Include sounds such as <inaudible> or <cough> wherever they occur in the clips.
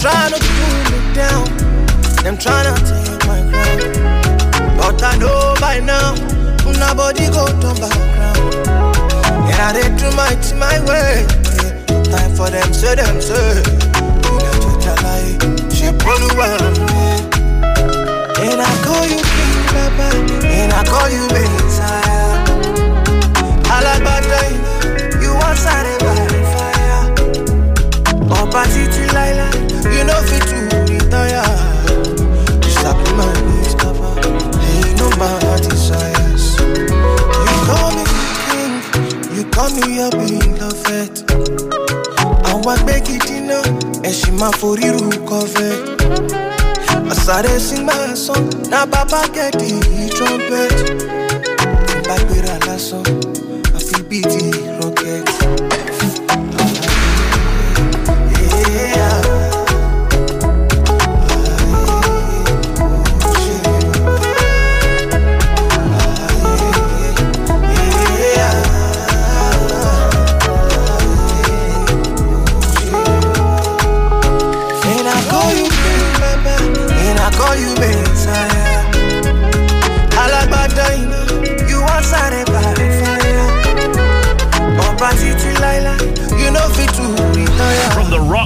try not to pull me down. Them try to take my crown. But I know by now, nobody go to background. Yeah, they do my to my way. Yeah, time for them, say them, say. And I call you King Baba, and I call you Messiah. Alabada, you are satisfied fire. Oh, Patiti Laila. You know fit to retire. You my me, cover. Ain't no my desires. You call me king, you call me a in And make it beloved. my agbẹ́gi dínà, ẹ̀sìn máa forírù kọfẹ́. sing my song. Now Papa get the trumpet. Ìbá gbéra lásán, àfi bíi ti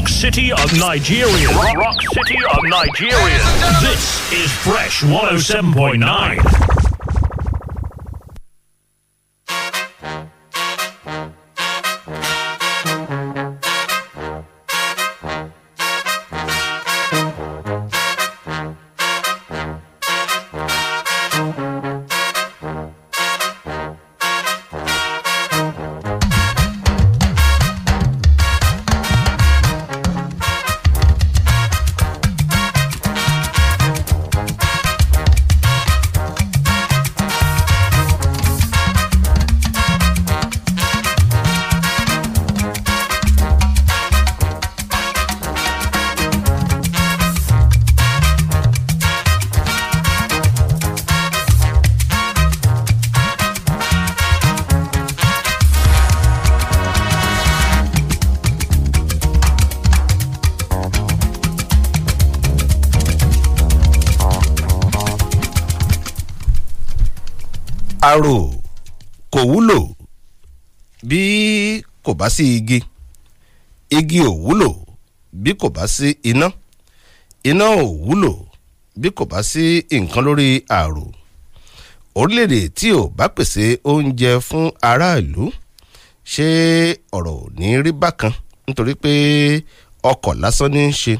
Rock City of Nigeria. Rock, City of Nigeria. This is Fresh 107.9. arò kò wúlò bí kò bá sí igi igi ò wúlò bí kò bá sí iná iná ò wúlò bí kò bá sí nǹkan lórí àrò orílẹ̀-èdè tí ò bá pèsè oúnjẹ fún aráàlú ṣé ọ̀rọ̀ ò ní rí bákan nítorí pé ọkọ̀ lásán ní í ṣe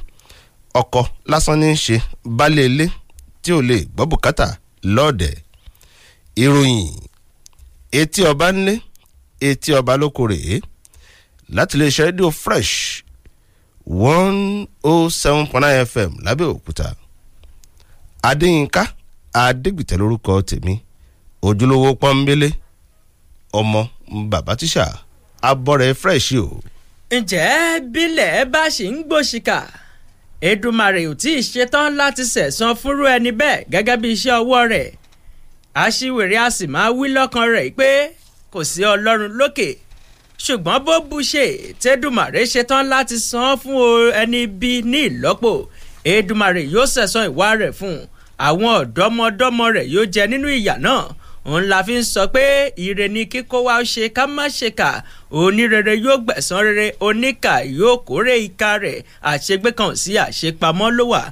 ọkọ̀ lásán ní í ṣe baálé ilé tí ò lè gbọ́ bùkátà lọ́ọ̀dẹ̀ ìròyìn etí ọba ńlé etí ọba lóko rèé láti lè ṣe rédíò fresh one oh seven point nine fm lábẹ́òkúta adéyínká adégbìtẹ́ lórúkọ tèmi ojúlówó pọ́nbélé ọmọ bàbá tíṣà abọ́rẹ̀ fresh o. ǹjẹ́ bílẹ̀ bá ṣì ń gbòṣìkà Èdùmàrè ò tí ì ṣetán láti ṣẹ̀san fúnrú ẹni bẹ́ẹ̀ gẹ́gẹ́ bí iṣẹ́ ọwọ́ rẹ̀ aṣíwèrè a sì máa wí lọ́kàn rẹ̀ pé kò sí ọlọ́run lókè ṣùgbọ́n bó bu ṣe tẹ́dùmàrè ṣetán láti san fún ẹni bí ní ìlọ́po èdùmàrè yóò ṣẹ̀san ìwà rẹ̀ fún àwọn ọ̀dọ́mọdọ́mọ rẹ̀ yóò jẹ nínú ìyà náà òun la fi ń sọ pé ire ni kíkó wa ṣe ká má ṣe kà onírere yóò gbẹ̀san rere oníkà yóò kórè ìka rẹ̀ àṣegbé kan sí àṣepamọ́ ló wà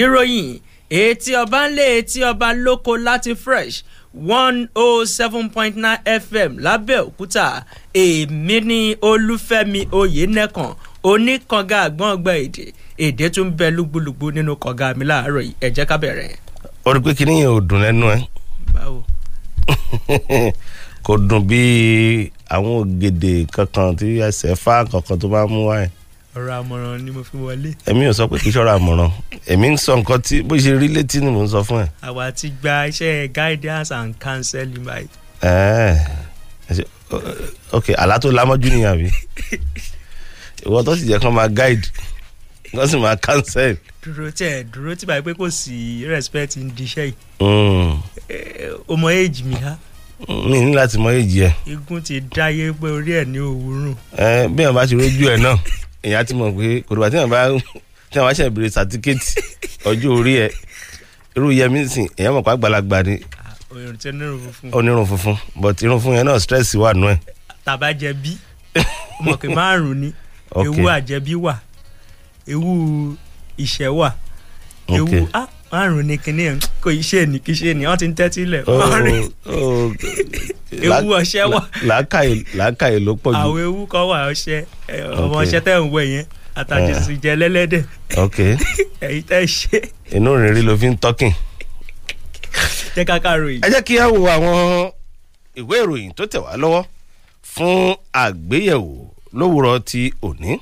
ìròyìn etí ọba ń lé etí ọba lóko láti fresh one oh seven point nine fm lábẹ́òkúta èmi e ní olúfẹ́mi oyènẹ́kan oníkanga àgbọ̀n ọgbà èdè èdè tún bẹ lúgbúlùgbú nínú kanga mi láàárọ̀ yìí ẹ jẹ́ ká bẹ̀rẹ̀. o rí pé kí ni yẹn ò dùn lẹ́nu ẹ. báwo. <laughs> kò dùn bíi àwọn ògèdè kankan tí ẹsẹ̀ fá kankan tó bá mú wáyé ọ̀rọ̀ àmọ̀ràn ni mo fi wọlé. èmi ò sọ pé kì ṣọ́ra àmọ̀ràn èmi ń sọ nǹkan tí bó ṣe rí létí ni mò ń sọ fún ẹ. àwa ti gba iṣẹ́ guidance and counseling by. ẹ ẹ ok àlá tó lámọ́jú ni àbí ìwọ tó sì jẹ́ kán máa guide kán sì máa counsel. dúró tí ẹ dúró tí báyìí pé kò sí respect ń di iṣẹ́ yìí. ọmọ hmm. èjì mi ha mi ní láti mọ èjì ẹ. igun ti dáyé pé orí ẹ ní òwúrùn. ẹ bí wọn bá ti rójú ẹ náà èèyàn ti mọ̀ pé kòtò àti ìyànbá tí àwọn aṣẹ ìbèrè sàtíkẹ́tì ọjọ́ orí ẹ̀ irú yẹmi sìn èèyàn mọ̀ pé àgbàlagbà ni. onírun funfun but irun fun. yẹn náà stress wà nù ẹ̀. tàbá jẹ mọ̀ pé márùn-ún ni <laughs> ewu àjẹbí wà ewu ìṣẹ́ wà ewu ah márùn ni kinní ẹ̀ kò iṣẹ́ ni kì í ṣe ni wọ́n ti ń tẹ́tí lẹ̀ márùn oh, oh. <laughs> ewu ọṣẹ wà. làákàyè ló pọ̀ jù. àwọn ewu kan wà ọṣẹ ọmọ ọṣẹ tẹ̀ ń wẹ̀ yẹn àtàjèsì eh. jẹ lẹ́lẹ́dẹ̀. ok èyí <laughs> tẹ́ ṣe. inú rìnrìn ló fi ń tọ́kìn. jẹ́ ká ká ròyìn. ẹ jẹ́ kí á wo àwọn ìwé ìròyìn tó tẹ̀ wá lọ́wọ́ fún àgbéyẹ̀wò lówùrọ̀ ti òní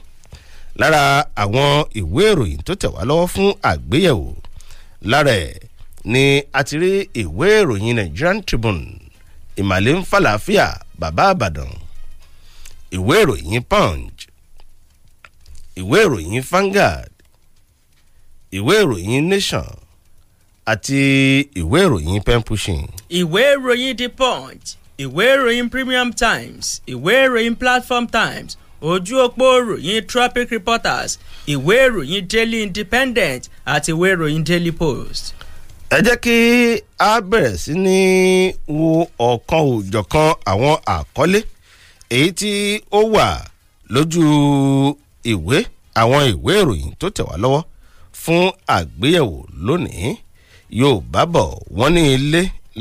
lára àwọn ìwé ìròyìn tó tẹ̀ wá lọ́wọ́ fún àgbéyẹ̀wò lára ẹ̀ ni a ti rí ìwé ìròyìn Nigerian Tribune ìmàlẹ́ ń falàáfíà bàbá àbàdàn ìwé ìròyìn Punch ìwé ìròyìn Vanguard ìwé ìròyìn Nation àti ìwé ìròyìn pen ìwé ìròyìn The Punch ìwé ìròyìn Premium Times ìwé ìròyìn Platform Times ojú òpó ìròyìn tropic reporters ìwé ìròyìn daily independent àti ìwé ìròyìn daily post. ẹ jẹ́ kí a bẹ̀rẹ̀ sí ní wo ọ̀kan òjọ̀kan àwọn àkọlé èyí tí ó wà lójú ìwé àwọn ìwé ìròyìn tó tẹ̀ wá lọ́wọ́ fún àgbéyẹ̀wò lónìí yorùbá bọ̀ wọ́n ní ilé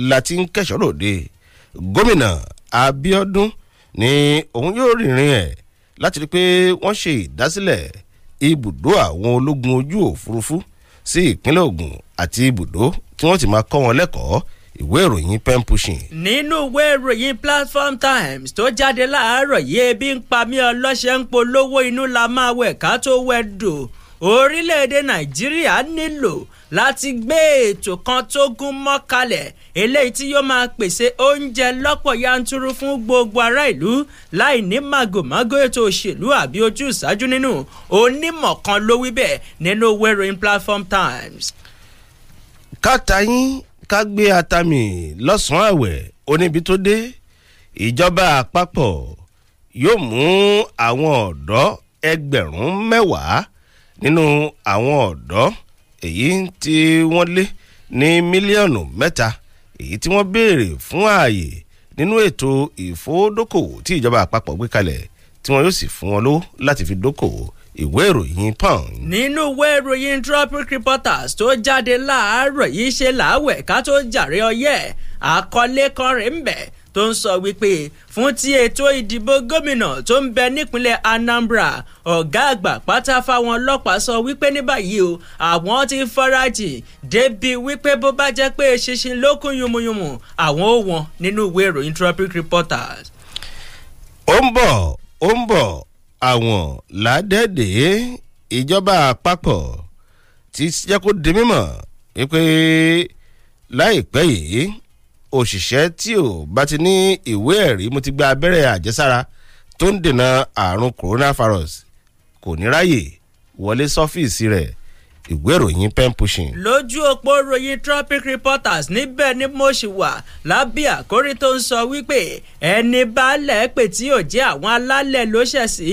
láti ń kẹ̀sọ́ ròde gómìnà abiodun ni òun yóò rìnrìn ẹ̀ láti rí i pé wọ́n ṣe ìdásílẹ̀ ibùdó àwọn ológun ojú òfurufú sí ìpínlẹ̀ Ògùn àti ibùdó tí wọ́n ti máa kọ́ wọn lẹ́kọ̀ọ́ ìwé ìròyìn pen pushing. nínú ìwé ìròyìn platform times tó jáde láàárọ̀ yìí ebi ń pa mí ọlọ́ṣẹ́ ń polówó inú la máa wẹ̀ ká tó wẹ̀ dùn orílẹ̀-èdè nàìjíríà nílò láti gbé ètò kan tó gún mọ́ kalẹ̀ eléyìí tí yóò máa pèsè oúnjẹ lọ́pọ̀ yanturu fún gbogbo ará ìlú láì ní màgòmágó ètò òṣèlú àbí ojú ìṣáájú nínú onímọ̀ kan ló wí bẹ́ẹ̀ nínú wéròyìn platform times. káta yín ká gbé atami lọ́sàn-án àwẹ̀ oníbi tó dé ìjọba àpapọ̀ yóò mú àwọn ọ̀dọ́ ẹgbẹ̀rún mẹ́wàá nínú àwọn ọ̀dọ́ èyí tí wọ́n lé ní mílíọ̀nù mẹ́ta èyí tí wọ́n béèrè fún ààyè nínú ètò ìfowódókòwò tí ìjọba àpapọ̀ gbé kalẹ̀ tí wọn yóò sì fún wọn lówó láti fi dókòwò ìwé ìròyìn pan. nínú ìwé ìròyìn tropic reporters tó jáde láàárọ̀ yìí ṣe làwẹ̀ ká tó jàre ọyẹ́ àkọlé kan rèé ń bẹ̀ tó ń sọ wípé fún ti ètò ìdìbò gómìnà tó ń bẹ nípínlẹ̀ Anambra ọ̀gá àgbà pátá fáwọn ọlọ́pàá sọ wípé ní báyìí o àwọn ti farajì débi wípé bó bá jẹ́ pé ṣinṣin ló kún yùmùyùmù àwọn ò wọ́n nínú ìwé ìròyìn Tropic Reporters. ó ń bọ̀ ó ń bọ̀ àwọn ládẹ́dẹ́ ìjọba àpapọ̀ ti jẹ́ kó di mímọ̀ wípé láìpẹ́ yìí òṣìṣẹ́ tí ò bá ti ní ìwé ẹ̀rí mo ti gba abẹ́rẹ́ àjẹsára tó ń dènà àrùn coronavirus kò ní ráyè wọlé sọ́fíìsì rẹ̀ ìwé ìròyìn pen pushing. lójú òpó ròyìn tropic reporters níbẹ̀ ni mo ṣì wà lábẹ́ àkórí tó ń sọ wípé ẹni baálẹ̀ pè tí ò jẹ́ àwọn alálẹ̀ ló ṣẹ̀ sí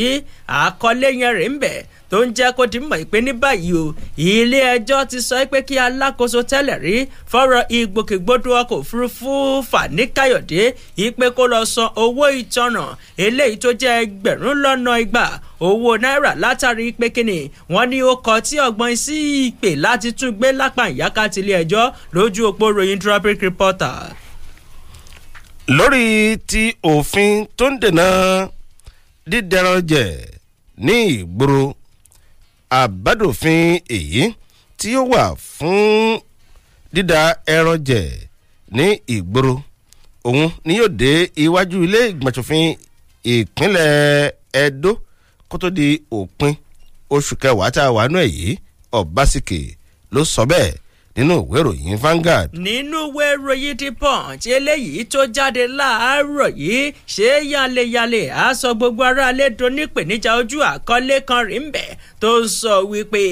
àkọlé yẹn rèé ń bẹ̀ tó ń jẹ́ kó di mọ̀ pé ní báyìí o ilé ẹjọ́ ti sọ pé kí alákòóso tẹ́lẹ̀ rí fọ́rọ̀ ìgbòkègbodò ọkọ̀ òfurufú Fani Káyọ̀dé ìpè kó lọ san owó ìtanà eléyìí tó jẹ́ ẹgbẹ̀rún lọ́nà igba owó náírà látàrí pé kíni wọ́n ní ó kọ tí ọgbọ́n sí ìpè láti tún gbé lápá ìyáká tilé ẹjọ́ lójú òpó ròyìn traffic reporter lórí ti òfin tó ń dènà dídẹran jẹ ní ìgboro àbádòfin èyí tí ó wà fún dídá ẹran jẹ ní ìgboro òun ni yóò dé iwájú ilé ìgbọ̀nsọ̀fin ìpínlẹ̀ Edo kó tó di òpin oṣù kẹwàá tá a wà nù èyí Obaseki ló sọ bẹ́ẹ̀ nínú ìwé ìròyìn Vanguard. nínú ìwé ìròyìn The Punch eléyìí tó jáde láàárọ̀ yìí ṣé yaleyale á sọ gbogbo aráalé donípèníjà ojú àkọlé kan rí ń bẹ̀ tó sọ wípé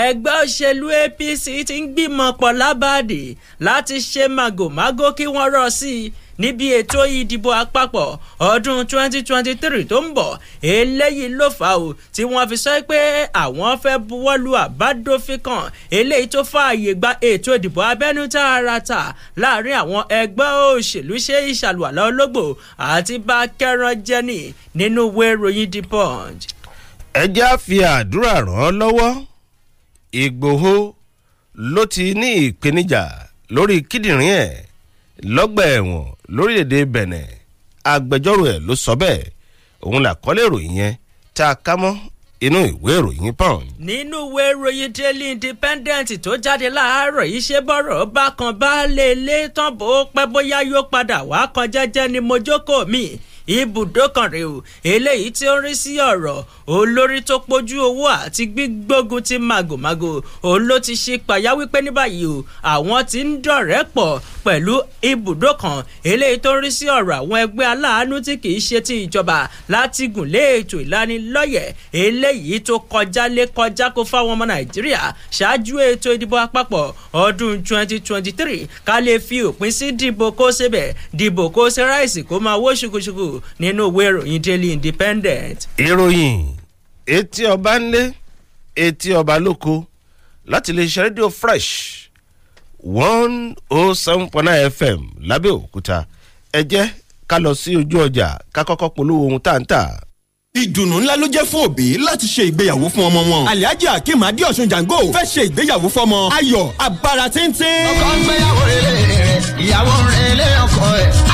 ẹgbẹ́ òṣèlú APC ti ń gbìmọ̀ pọ̀ lábàdì láti ṣe màgòmágó kí wọ́n rọ̀ sí i níbi ètò ìdìbò àpapọ̀ ọdún 2023 tó ń bọ̀ eléyìí ló fà ó tí wọ́n fi sọ pé àwọn fẹ́ buwọ́lu àbádòfin kan eléyìí tó fààyè gba ètò ìdìbò abẹ́nú tààràtà láàrin àwọn ẹgbẹ́ òṣèlú ṣe ìṣàlùwàlà ológbò àti bá kẹran jẹni nínú ìwé ìròyìn the punch. ẹ já fi àdúrà ràn án lọ́wọ́ ìgbòho ló ti ní ìpèníjà lórí kíndìnrín ẹ̀ lọ́gbà ẹ̀wọ̀n lórílẹ̀‐èdè Benin agbẹjọ́rò ẹ̀ ló sọ bẹ́ẹ̀ òun làkọ́lé ìròyìn yẹn tá a ká mọ́ inú ìwé ìròyìn pound. nínú ìwé ìròyìn daily independent tó jáde láàárọ̀ yìí ṣe bọ́rọ̀ bákan bá lè lé tán bó pẹ́ bóyá yóò padà wá kan jẹ́jẹ́ ni mojókòó mi ibùdó kan rèé o eléyìí tí ó ń rí sí ọ̀rọ̀ olórí tó pójú owó àti gbígbógun ti màgòmágò òun ló ti ṣe pàyà wípé ní báyìí o àwọn ti ń dọ̀rẹ́ pọ̀ pẹ̀lú ibùdó kan eléyìí tó ń rí sí ọ̀rọ̀ àwọn ẹgbẹ́ aláàánú tí kì í ṣe ti ìjọba láti gùn lé ètò ìlanilọ́yẹ̀ eléyìí tó kọjá lé kọjá kó fáwọn ọmọ nàìjíríà ṣáájú ètò ìdìbò àpapọ̀ ọdún 2023 ká lè fi òpin sí dìbò kó sebẹ̀ dìbò kó ṣe ráìsì kó máa wó ṣùkùṣùkù nínú ìwé ìròyìn Daily Independent. ìròyìn etí ọba ń lé etí ọba lóko láti lè rédíò fresh one oh seven point nine fm lábẹ́òkúta ẹ jẹ́ ká lọ sí ojú ọjà ká kọ́kọ́ polówó ohun tá à ń tà ìdùnnú ńlá ló jẹ́ fún òbí láti ṣe ìgbéyàwó fún ọmọ wọn. alhaji akeem adéọ̀sùn jango fẹ́ ṣe ìgbéyàwó fọmọ ayọ̀ abara tíntín. ọkọ ń gbéyàwó rere ìyàwó rere ọkọ ẹ̀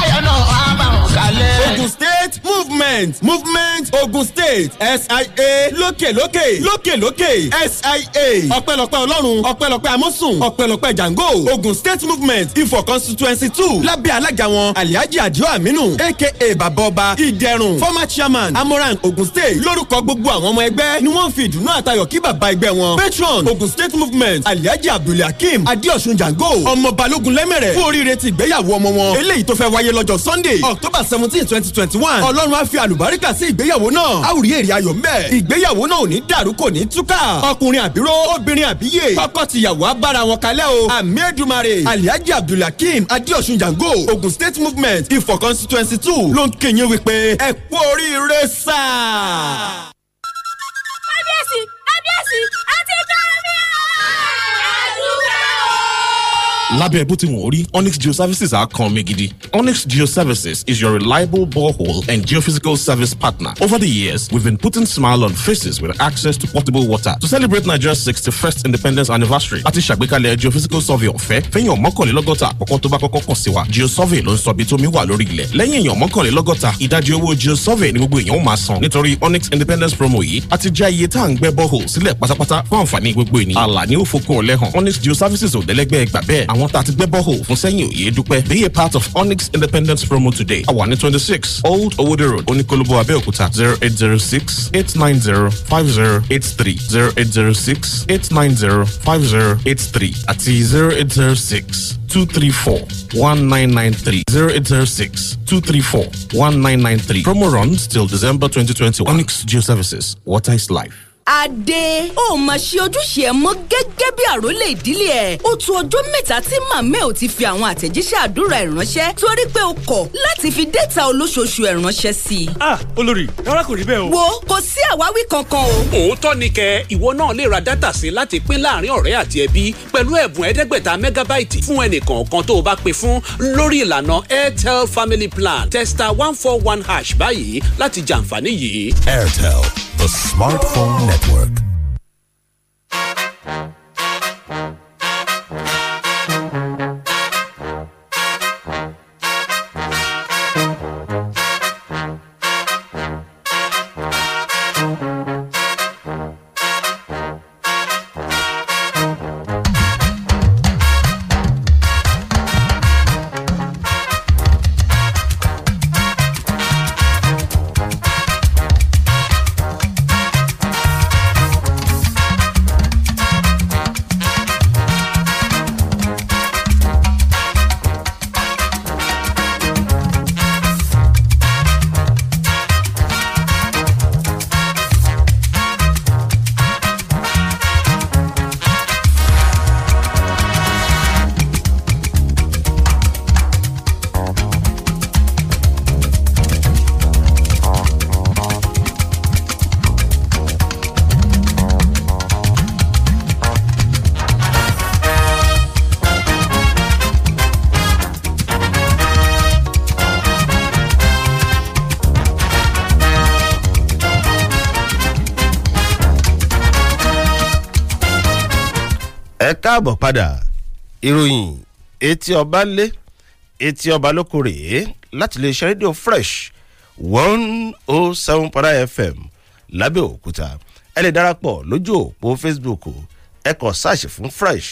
nìyẹn. Ogun State movement movement Ogun State SIA lókèlókè lókèlókè SIA ọpẹ́lọpẹ́ Ọlọ́run ọpẹ́lọpẹ́ Amosun ọpẹ́lọpẹ́ Jango Ogun State movement Ifọ̀ constituency two lábẹ́ alága wọn Alhaji Adio Aminu aka Babọba Ìdẹ̀rùn former chairman Amoran Ogun State lórúkọ gbogbo àwọn ọmọ ẹgbẹ́ ni wọ́n fi ìdùnnú àtayọ̀ kí bàbá ẹgbẹ́ wọn patron Ogun State movement Alhaji Abdul Hakeem Adeosun Jango ọmọ Balógun lẹ́mẹ̀rẹ̀ fún oríire ti ìgbéyàwó ọmọ wọn eléyìí tó fẹ́ wáyé lọ́jọ́ Sunday October seventeen seventeen twenty twenty one ọlọ́run á fi àlùbáríkà sí ìgbéyàwó náà á rí èrè ayọ̀ ńbẹ̀ ìgbéyàwó náà ò ní dàrú kò ní túkà ọkùnrin àbíró obìnrin àbíyè kọ́kọ́ tìyàwó á bára wọn kalẹ̀ o àmì èdùmarè aliaji abdulhakeem adéọ̀sùn jango ogun state movement ifọ̀ constituency two ló ń kéyìn wípé ẹ kú oríire sáà. lábẹ́ bó ti wọ̀n rí onyx geoservices á kan mi gidi. onyx geoservices is your reliable borehole and geophysical service partner. Over the years, we've been putting smile on faces with access to portable water. To celebrate Nigeria's 61st Independence Anniversary, a ti ṣàgbékalẹ̀ geophysical survey ọ̀fẹ́ fẹ́yìn ọ̀mọ́kànlélọ́gọ́ta àkọ́kọ́ tó bá kọ́kọ́ kàn sí wa. geosurvey ló ń sọ ibi tó mi wà lórí ilẹ̀. lẹ́yìn èèyàn mọ́kànlélọ́gọ́ta ìdajì owó geosurvey ni gbogbo èèyàn ó máa san. nítorí onyx independence promo yìí a ti já iye tá à ń gbẹ́ borehole sílẹ̀ pátápátá fún àǹfààní gbogbo ènìyàn. àlà ni ó fokun ọ̀lẹ́hàn onyx geoservices ò dẹ́lẹ́gbẹ́ gbà bẹ́ẹ̀ àwọn tá a ti gbẹ́ bọ́hò fún sẹ́yìn òye dúpẹ́ be a part of Onyx Independence promo today àwa ní twenty six Old Owode Road oníkólóbó Abẹ́òkúta zero eight zero six eight nine zero five zero eight three zero eight zero six eight nine zero five Promo runs till December 2021. Onyx Geoservices. Water is life. adé ó mà ṣe ojúṣe ẹ mọ́ gẹ́gẹ́ bí àrólé ìdílé ẹ̀ ó tu ọjọ́ mẹ́ta tí màmá ò ti fi àwọn àtẹ̀jíṣẹ́ àdúrà ẹ̀ ránṣẹ́ torí pé o kọ̀ láti fi dẹ́ta olóṣooṣù ẹ̀ ránṣẹ́ sí i. ah olórí rárá kò rí bẹ́ẹ̀ o. wo kò sí àwáwí kankan o. òótọ́ ni kẹ ìwọ náà lè ra dátà sí láti pín láàrin ọ̀rẹ́ àti ẹbí pẹ̀lú ẹ̀bùn ẹ̀ẹ́dẹ́gbẹ̀ta mẹ́gábáìtì fún ẹnìkọ̀ọ̀kan tó o bá pín fún lórí ìlànà airtel family plan testa one four one hash báyìí láti jàǹfààní yìí. airtel the Smartphone Network. ẹ káàbọ̀ padà ìròyìn etí ọba lé etí ọba lóko rèé láti lè rédíò fresh one oh seven point nine fm lábẹ́òkúta ẹ lè darapọ̀ lójú òpó facebook ẹ kàn ṣáàṣì fún fresh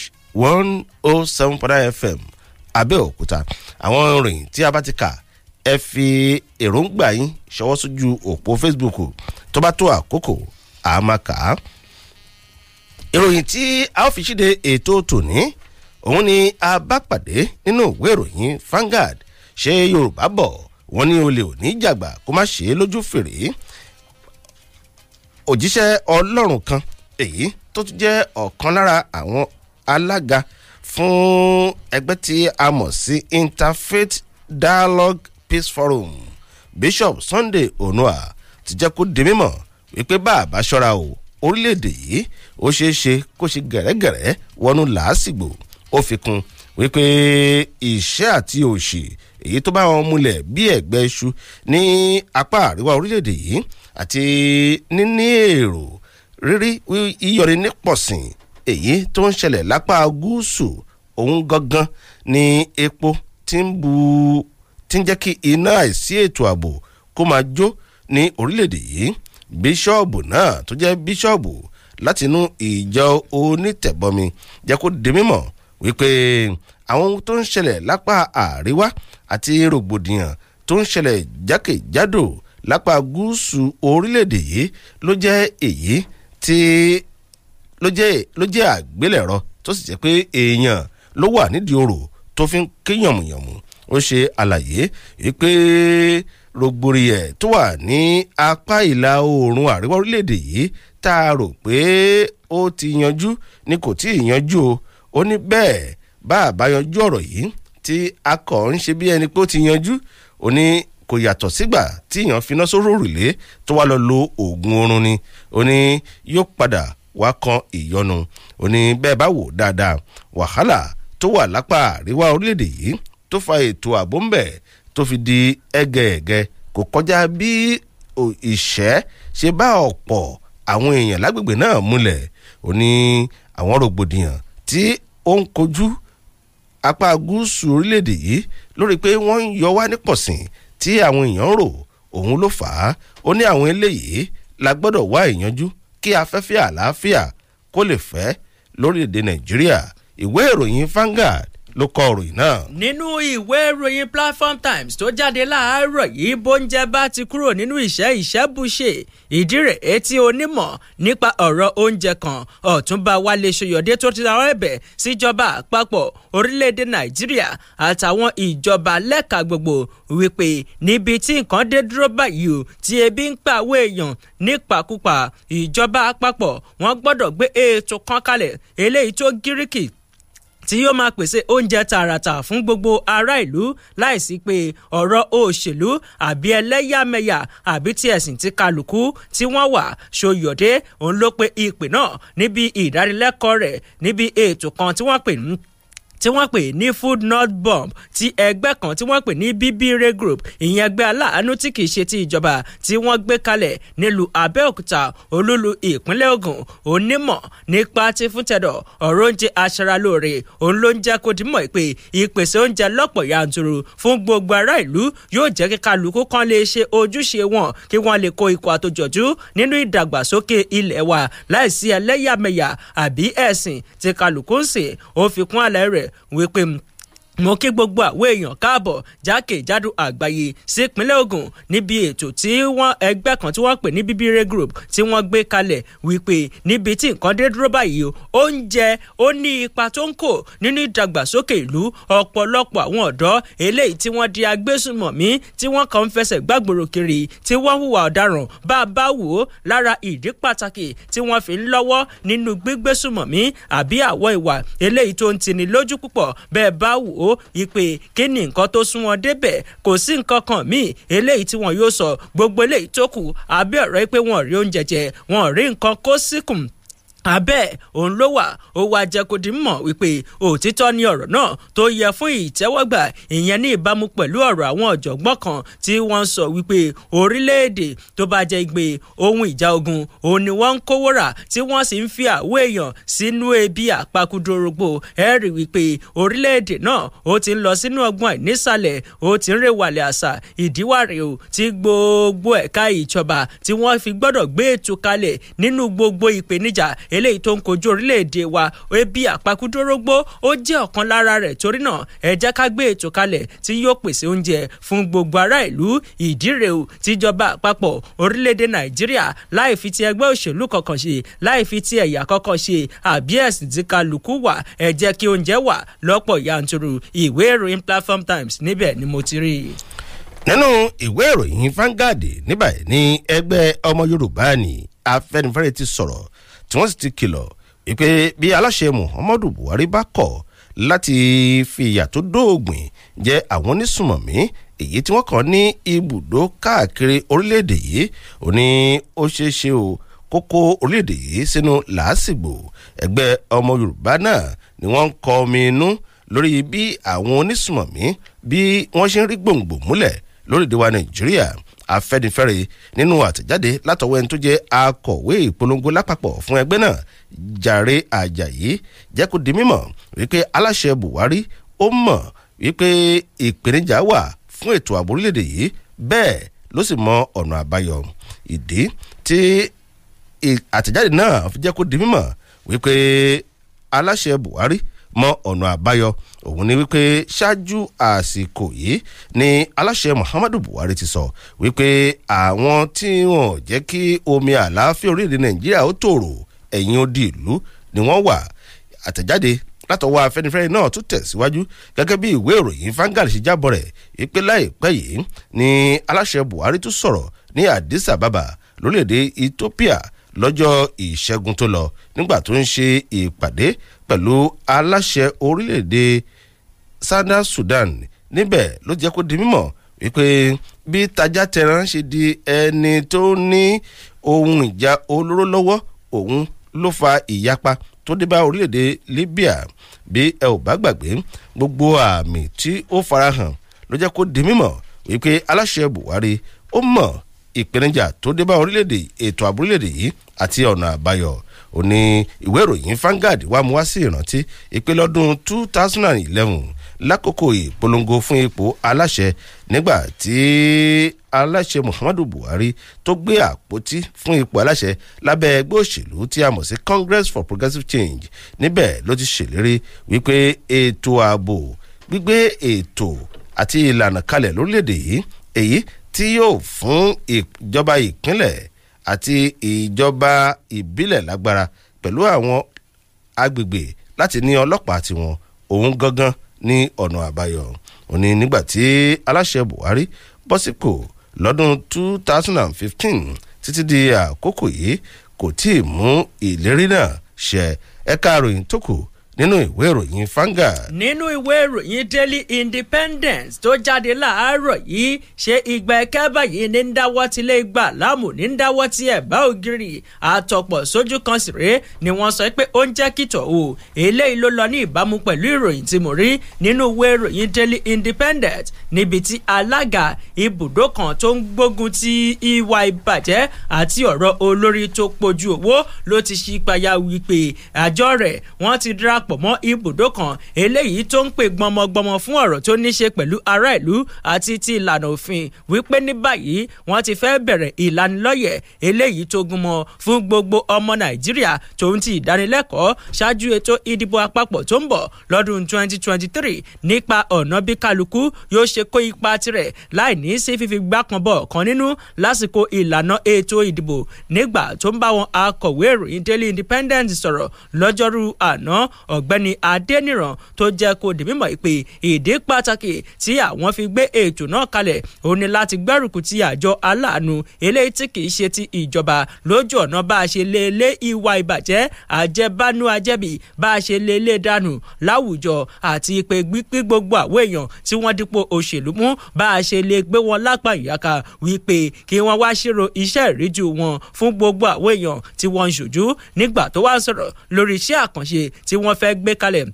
one oh seven point nine fm abẹ́òkúta àwọn ìròyìn tí a bá ti kà ẹ fi èròǹgbà yín ṣọwọ́ sójú òpó facebook tó bá tó àkókò àmàkà ìròyìn tí a ó fi ṣíde ètò tòní òun ni a bá pàdé nínú ìwé ìròyìn Vanguard ṣé Yorùbá bọ̀ wọ́n ní olè ò ní jàgbà kó má ṣe é lójú fèrè òjíṣẹ́ Ọlọ́run kan èyí tó tún jẹ́ ọ̀kan lára àwọn alága fún ẹgbẹ́ tí a mọ̀ sí Interfaith Dialogue Peace Forum Bishop Sunday Onua ti jẹ́ kó di mímọ̀ wípé bá a bá ṣọ́ra o orílẹ̀-èdè yìí ó ṣeé ṣe kó ṣe gẹ̀rẹ́gẹ̀rẹ́ wọnú làásìgbò ó fi kún wípé ìṣẹ́ àti òṣì èyí tó bá wọn múlẹ̀ bí ẹ̀gbẹ́ iṣu ní apá àríwá orílẹ̀ yìí àti níní èrò rírí yíyọrí nípọ̀sìn èyí tó ń ṣẹlẹ̀ lápá gúúsù òun gangan ni epo ti ń bu ti ń jẹ́ kí iná àìsí ètò ààbò kó máa jó ní orílẹ̀ yìí bíṣọ́ọ̀bù náà tó jẹ́ bíṣọ́ọ̀bù látinú ìjọ onítẹ̀bọmi jẹ́ kó di mímọ̀ wípé àwọn ohun tó ń ṣẹlẹ̀ lápá àríwá àti rògbòdìyàn tó ń ṣẹlẹ̀ jákèjádò lápá gúúsù orílẹ̀-èdè yìí ló jẹ́ èyí tí ló jẹ́ ló jẹ́ àgbélẹ̀rọ tó sì jẹ́ pé èèyàn ló wà nídìí orò tó fi ń ké yànmùyànmù ó ṣe àlàyé wípé rògbòrìyẹ tó wà ní apá ìlà oòrùn àríwá orílẹ̀-èdè yìí tá a rò pé ó ti yanjú ni kò tí ì yanjú o ó ní bẹ́ẹ̀ bá a bá yanjú ọ̀rọ̀ yìí tí akọ̀ ń ṣe bí ẹni pé ó ti yanjú ó ní kò yàtọ̀ sígbà tí èèyàn finá sóró òrùlé tó wá lọ lo oògùn oorun ni ó ní yóò padà wá kan ìyọnu ó ní bẹ́ẹ̀ bá wò dáadáa wàhálà tó wà lápá àríwá orílẹ̀-èdè yìí tó fa ètò ààbò ń bẹ̀ẹ́ tó fi di ẹ̀gẹ̀ẹ̀gẹ̀ kò kọjá bí ìṣẹ́ ṣe bá ọ̀pọ̀ àwọn èèyàn lágbègbè náà múlẹ̀ ó ní àwọn rògbòdìyàn tí ó ń kojú apá gúúsù orílẹ̀-èdè yìí lórí pé wọ́n ń yọ wá nípọ̀sìn tí àwọn èèyàn rò òun ló fà á ó ní àwọn eléyìí la gbọ́dọ̀ wá ìyanjú kí afẹ́fẹ́ àlàáfíà kó lè fẹ́ lórílẹ̀-èdè Nàìjíríà ìwé ìròyìn Vanguard ló kọ ìròyìn náà. nínú ìwé ìròyìn platform times tó jáde láàárọ̀ yìí bóúnjẹ bá ti kúrò nínú ìṣẹ́ ìṣẹ́bùṣe ìdí rẹ̀ etí onímọ̀ nípa ọ̀rọ̀ oúnjẹ kan ọ̀túnba wálé ṣòyọ̀dé tó ti rawọ́ ẹ̀bẹ̀ síjọba àpapọ̀ orílẹ̀-èdè nàìjíríà àtàwọn ìjọba lẹ́ka gbogbo wípé níbi tí nǹkan dé dúró báyìí o tí ebi ń pa àwọn èèyàn nípakúpa ìjọba àpapọ̀ wọ́n gbọ́dọ̀ gbé ètò kan kalẹ̀ eléyìí tó gíríkì tí yóò máa pèsè oúnjẹ tààràtà fún gbogbo ará ìlú láìsí pé ọ̀rọ̀ òṣèlú àbí ẹlẹ́yàmẹ̀yà àbí ti ẹ̀sìn tí kálukú tí wọ́n wà ṣòyọ̀dé òun ló pe ìpè náà níbi ìdánilẹ́kọ̀ọ́ rẹ̀ níbi ètò kan tí wọ́n pè ní tí wọ́n pè ní food not bomb ti ẹgbẹ́ kan tí wọ́n pè ní bíbíire group ìyẹn ẹgbẹ́ aláàánú tí kìí ṣe ti ìjọba tí wọ́n gbé kalẹ̀ nílùú Abẹ́òkúta olúlu ìpínlẹ̀ Ògùn onímọ̀ nípa ti fúntẹ̀dọ̀ ọ̀rọ̀ oúnjẹ aṣaralóore òun ló ń jẹ́ kó dìmọ̀ pé ìpèsè oúnjẹ lọ́pọ̀ yanturu fún gbogbo ará ìlú yóò jẹ́ kí kálukú kan lè ṣe ojúṣe wọn kí wọ́n lè kó ikọ̀ àtòjọ̀jú wípé mo kí gbogbo àwọn èèyàn káàbọ̀ jákèjádò àgbáyé sí ìpínlẹ̀ Ògùn níbi ètò tí wọ́n ẹgbẹ́ kan tí wọ́n pè ní bíbíire group tí wọ́n gbé kalẹ̀ wípé níbi tí nǹkan dé dúró báyìí o oúnjẹ ó ní ipa tó ń kò nínú ìdàgbàsókè ìlú ọ̀pọ̀lọpọ̀ àwọn ọ̀dọ́ eléyìí tí wọ́n di agbésùmọ̀mí tí wọ́n kàn ń fẹsẹ̀ gbàgbòrò kiri tí wọ́n hùwà ọ̀daràn bá a bá wò ìpè kí ni nǹkan tó sún wọn débẹ̀ kò sí nǹkan kan míì eléyìí tí wọn yóò sọ gbogbo eléyìí tó kù àbí ọ̀rọ̀ pé wọn rí oúnjẹ jẹ wọn rí nǹkan kó síkùn abẹ́ òun ló wà ó wá jẹ́ kó di mọ̀ wípé òtítọ́ ni ọ̀rọ̀ náà tó yẹ fún ìtẹ́wọ́gbà ìyẹn ní ìbámu pẹ̀lú ọ̀rọ̀ àwọn ọ̀jọ̀gbọ́n kan tí wọ́n sọ wípé orílẹ̀-èdè tó bá jẹ́ gbé ohun ìjà ogun òun ni wọ́n ń kówó rà tí wọ́n sì ń fi àwọ èèyàn sínú ebi àpakúdorogbo ẹ rí wípé orílẹ̀-èdè náà ó ti ń lọ sínú ọgbọ́n ìnísàlẹ̀ ó ti ń rèwàlẹ̀ àṣà ìdíwàrè o tí gbogbo ẹ̀ka ìjọba tí wọ́n fi gbọ́dọ̀ gbé ètò kalẹ̀ nínú gbogbo ìpèníjà eléyìí tó ń kojú orílẹ̀-èdè wa ebi àpakúdórógbó ó jẹ́ ọ̀kan lára rẹ̀ torí náà ẹ jẹ́ ká gbé ètò kalẹ̀ tí yóò pèsè oúnjẹ fún gbogbo ará ìlú ìdí tíjọba àpapọ̀ orílẹ̀-èdè nàìjíríà láì fi ti ẹgbẹ́ òṣèlú kankan ṣe láì fi ti ẹ̀yà kankan ṣe àbí ẹ̀sìn tí kálukú wà ẹ jẹ́ kí oúnjẹ wà lọ́pọ̀ yanturu ìwé ìròyìn platform times níbẹ̀ ni mo ti rí i nínú ìwé ìròyìn Vanguard níbàyìí ní ẹgbẹ́ ọmọ Yorùbá ni Afẹ́nifẹ́re ti sọ̀rọ̀ tí wọ́n sì ti kìlọ̀ wípé bí aláṣẹ Muhammadu Buhari bá kọ̀ láti fi ìyà tó dóògbìn jẹ àwọn onísùmọ̀mí èyí tí wọ́n kàn ní ibùdó káàkiri orílẹ̀-èdè yìí ó ní ó ṣeé ṣe o kókó orílẹ̀-èdè yìí sínú làásìgbò ẹgbẹ́ ọmọ Yorùbá náà ni wọ́n ń kọ omi inú lórí bí àwọn onísùmọ̀mí bí wọ́n ṣe ń rí gbòǹgbò múlẹ̀ lórílẹ̀-èdè wa Nàìjíríà afẹ́nifẹ́re nínú àtẹ̀jáde látọwọ́ ẹni tó jẹ́ akọ̀wé ìpolongo lápapọ̀ fún ẹgbẹ́ náà jàre àjàyí jẹ́ kó di mímọ̀ wípé aláṣẹ buhari ó mọ̀ wípé ìpèníjà wà fún ètò ààbò orílẹ̀-èdè yìí bẹ́ẹ̀ ló sì mọ ọ̀nà àbáyọ ìdí tí àtẹ̀jáde náà fi jẹ́ kó di mímọ̀ wípé aláṣẹ buhari mọ́ ọ̀nà àbáyọ òun ni wípé ṣáájú àsìkò yìí ni aláṣẹ muhammadu buhari ti sọ wípé àwọn tí wọn jẹ́ kí omi àlàáfíà orílẹ̀ nàìjíríà ó tòrò ẹ̀yìn odi ìlú ni wọ́n wà àtẹ̀jáde látọwọ́ afẹnifẹre náà tún tẹ̀síwájú gẹ́gẹ́ bí ìwé ìròyìn vanguard ṣe jábọ̀ rẹ̀ wípé láìpẹ́ yìí ni aláṣẹ buhari tún sọ̀rọ̀ ní addis ababa lórílẹ̀‐èdè ethiopia lọ́jọ́ ìṣẹ́gun tó lọ nígbà tó ń ṣe ìpàdé pẹ̀lú aláṣẹ orílẹ̀-èdè southern Sudan níbẹ̀ ló jẹ́ kó di mímọ̀ wípé bí tajá tẹran ṣe di ẹni tó ní ohun ìjà olóró lọ́wọ́ òun ló fa ìyapa tó dé bá orílẹ̀-èdè Libya bí ẹ ò bá gbàgbé gbogbo àmì tí ó farahàn ló jẹ́ kó di mímọ̀ wípé aláṣẹ Buhari ó mọ̀ ìpèníjà tó dé bá orílẹ̀-èdè ètò àbúrílẹ̀-èdè yìí àti ọ̀nà àbáyọ ó ní ìwé ìròyìn Vanguard wá mú wá sí ìrántí ìpè lọ́dún two thousand and eleven lákòókò ìpolongo fún ipò aláṣẹ nígbà tí aláṣẹ Muhammadu Buhari tó gbé àpótí fún ipò aláṣẹ lábẹ́ ẹgbẹ́ òṣèlú tí a mọ̀ sí Congress for Progressive Change níbẹ̀ ló ti ṣèlérí wípé ètò ààbò gbígbé ètò àti ìlànà kalẹ̀ lórílẹ̀‐èdè yìí èyí tí yóò fún ìjọba ìpínlẹ̀ àti ìjọba ìbílẹ̀ lágbára pẹ̀lú àwọn agbègbè láti ní ọlọ́pàá tiwọn òun gangan ní ọ̀nà àbáyọ òun ni nígbà tí aláṣẹ Buhari bọ́ sípò lọ́dún 2015 títí di àkókò yìí kò tí ì mú ìlérí náà ṣẹ ẹ̀ka àròyìn tó kù nínú ìwé ìròyìn Vanguard. nínú ìwé ìròyìn Daily Independence tó jáde láàárọ̀ yìí ṣe ìgbà ẹ̀kẹ́ báyìí ní ń dáwọ́ tilé gbà láàmú ní ń dáwọ́ ti ẹ̀bá ògiri àtọ̀pọ̀ sójú kan sì rèé ni wọ́n sọ pé ó ń jẹ́ kìtọ̀ o eléyìí ló lọ ní ìbámu pẹ̀lú ìròyìn tí mo rí nínú ìwé ìròyìn Daily Independent níbi tí alága ibùdó kan tó ń gbógun ti ìwà ìbàjẹ́ àti ọ̀rọ̀ olórí tó pojú owó ló ti ṣípayá darapọ̀ mọ́ ibùdó kan eléyìí tó ń pè gbọmọgbọmọ fún ọ̀rọ̀ tó ní ṣe pẹ̀lú ará ìlú àti ti ìlànà òfin wípé ní báyìí wọ́n ti fẹ́ bẹ̀rẹ̀ ìlanilọ́yẹ̀ eléyìí tó gúnmọ́ fún gbogbo ọmọ nàìjíríà tòun ti ìdánilẹ́kọ̀ọ́ ṣáájú ètò ìdìbò àpapọ̀ tó ń bọ̀ lọ́dún 2023 nípa ọ̀nà bí kálukú yóò ṣe kó ipa tirẹ̀ láì ní sí fífi gbá kan bọ̀ ọ̀gbẹ́ni adẹ́nìràn tó jẹ́ kó di mímọ̀ pé ìdí pàtàkì tí àwọn fi gbé ètò náà kalẹ̀ ó ní láti gbárùkù ti àjọ aláàánú eléyìí tí kì í ṣe ti ìjọba lójú ọ̀nà bá a ṣe lè lé ìwà ìbàjẹ́ àjẹbánú ajẹ́bí bá a ṣe lè lé dànù láwùjọ àti pé gbígbí gbogbo àwọn èèyàn tí wọ́n dípò òṣèlú mú bá a ṣe lè gbé wọn lápá ìyáka wípé kí wọ́n wá ṣírò iṣẹ́ ìríjú wọn fún gbogbo àwọn èèyàn tí wọ́n ń ṣojú nígbà tó wá sọ̀rọ̀ lórí iṣẹ́ àkànṣe tí wọ́n fẹ́ fẹ́ gbé kalẹ̀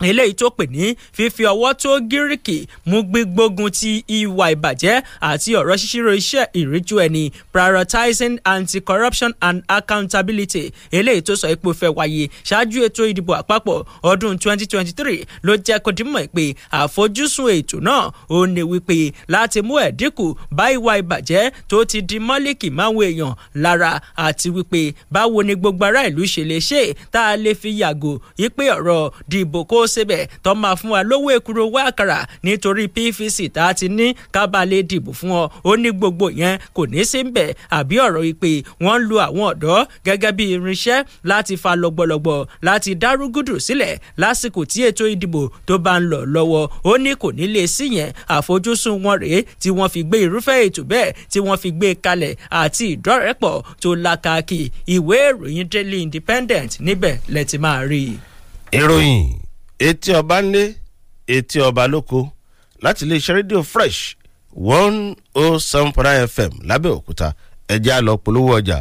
eléyìí tó pè ní fífi ọwọ́ tó gíríkì mú gbígbógun ti ìwà ìbàjẹ́ àti ọ̀rọ̀ ṣíṣírò iṣẹ́ ìríjú ẹni prioritizing anti-corruption and accountability eléyìí tó sọ ipò fẹ́ wáyé ṣáájú ètò ìdìbò àpapọ̀ ọdún 2023 ló jẹ́ kó dímọ̀ pé àfojúsùn ètò náà ó ní wípé láti mú ẹ̀dínkù bá ìwà ìbàjẹ́ tó ti di mọ́líkì máwọn èèyàn lára àti wípé báwo ni gbogbo ará ìlú ṣe lè ṣe tá a lè fi yàgò yí pé ọ̀rọ̀ ṣe bẹ́ẹ̀ tó máa fún wa lówó èkúrò owó àkàrà nítorí pvc tá a ti ní kábà lè dìbò fún ọ ó ní gbogbo yẹn kò ní sí ń bẹ̀ àbí ọ̀rọ̀ ìpè wọ́n ń lo àwọn ọ̀dọ́ gẹ́gẹ́ bí irinṣẹ́ láti fa lọ́gbọ̀lọ́gbọ̀ láti dárúgúdù sílẹ̀ lásìkò tí ètò ìdìbò tó bá ń lọ lọ́wọ́ ó ní kò ní lè sí yẹn àfojúsùn wọn rèé tí wọ́n fi gbé irúfẹ́ ètò bẹ́ẹ̀ tí wọ́n fi gbé kalẹ̀ àti ìdọ́rẹ̀pọ̀ tó làkàkì ìwé ìròyìn Daily Independent níbẹ̀ lẹ ti máa rí i. ìròyìn etí ọba ńlé etí ọba lóko láti iléeṣẹ́ rédíò fresh one oh seven point nine fm lábẹ́òkúta ẹ̀jẹ̀ àlọ́ polówó ọjà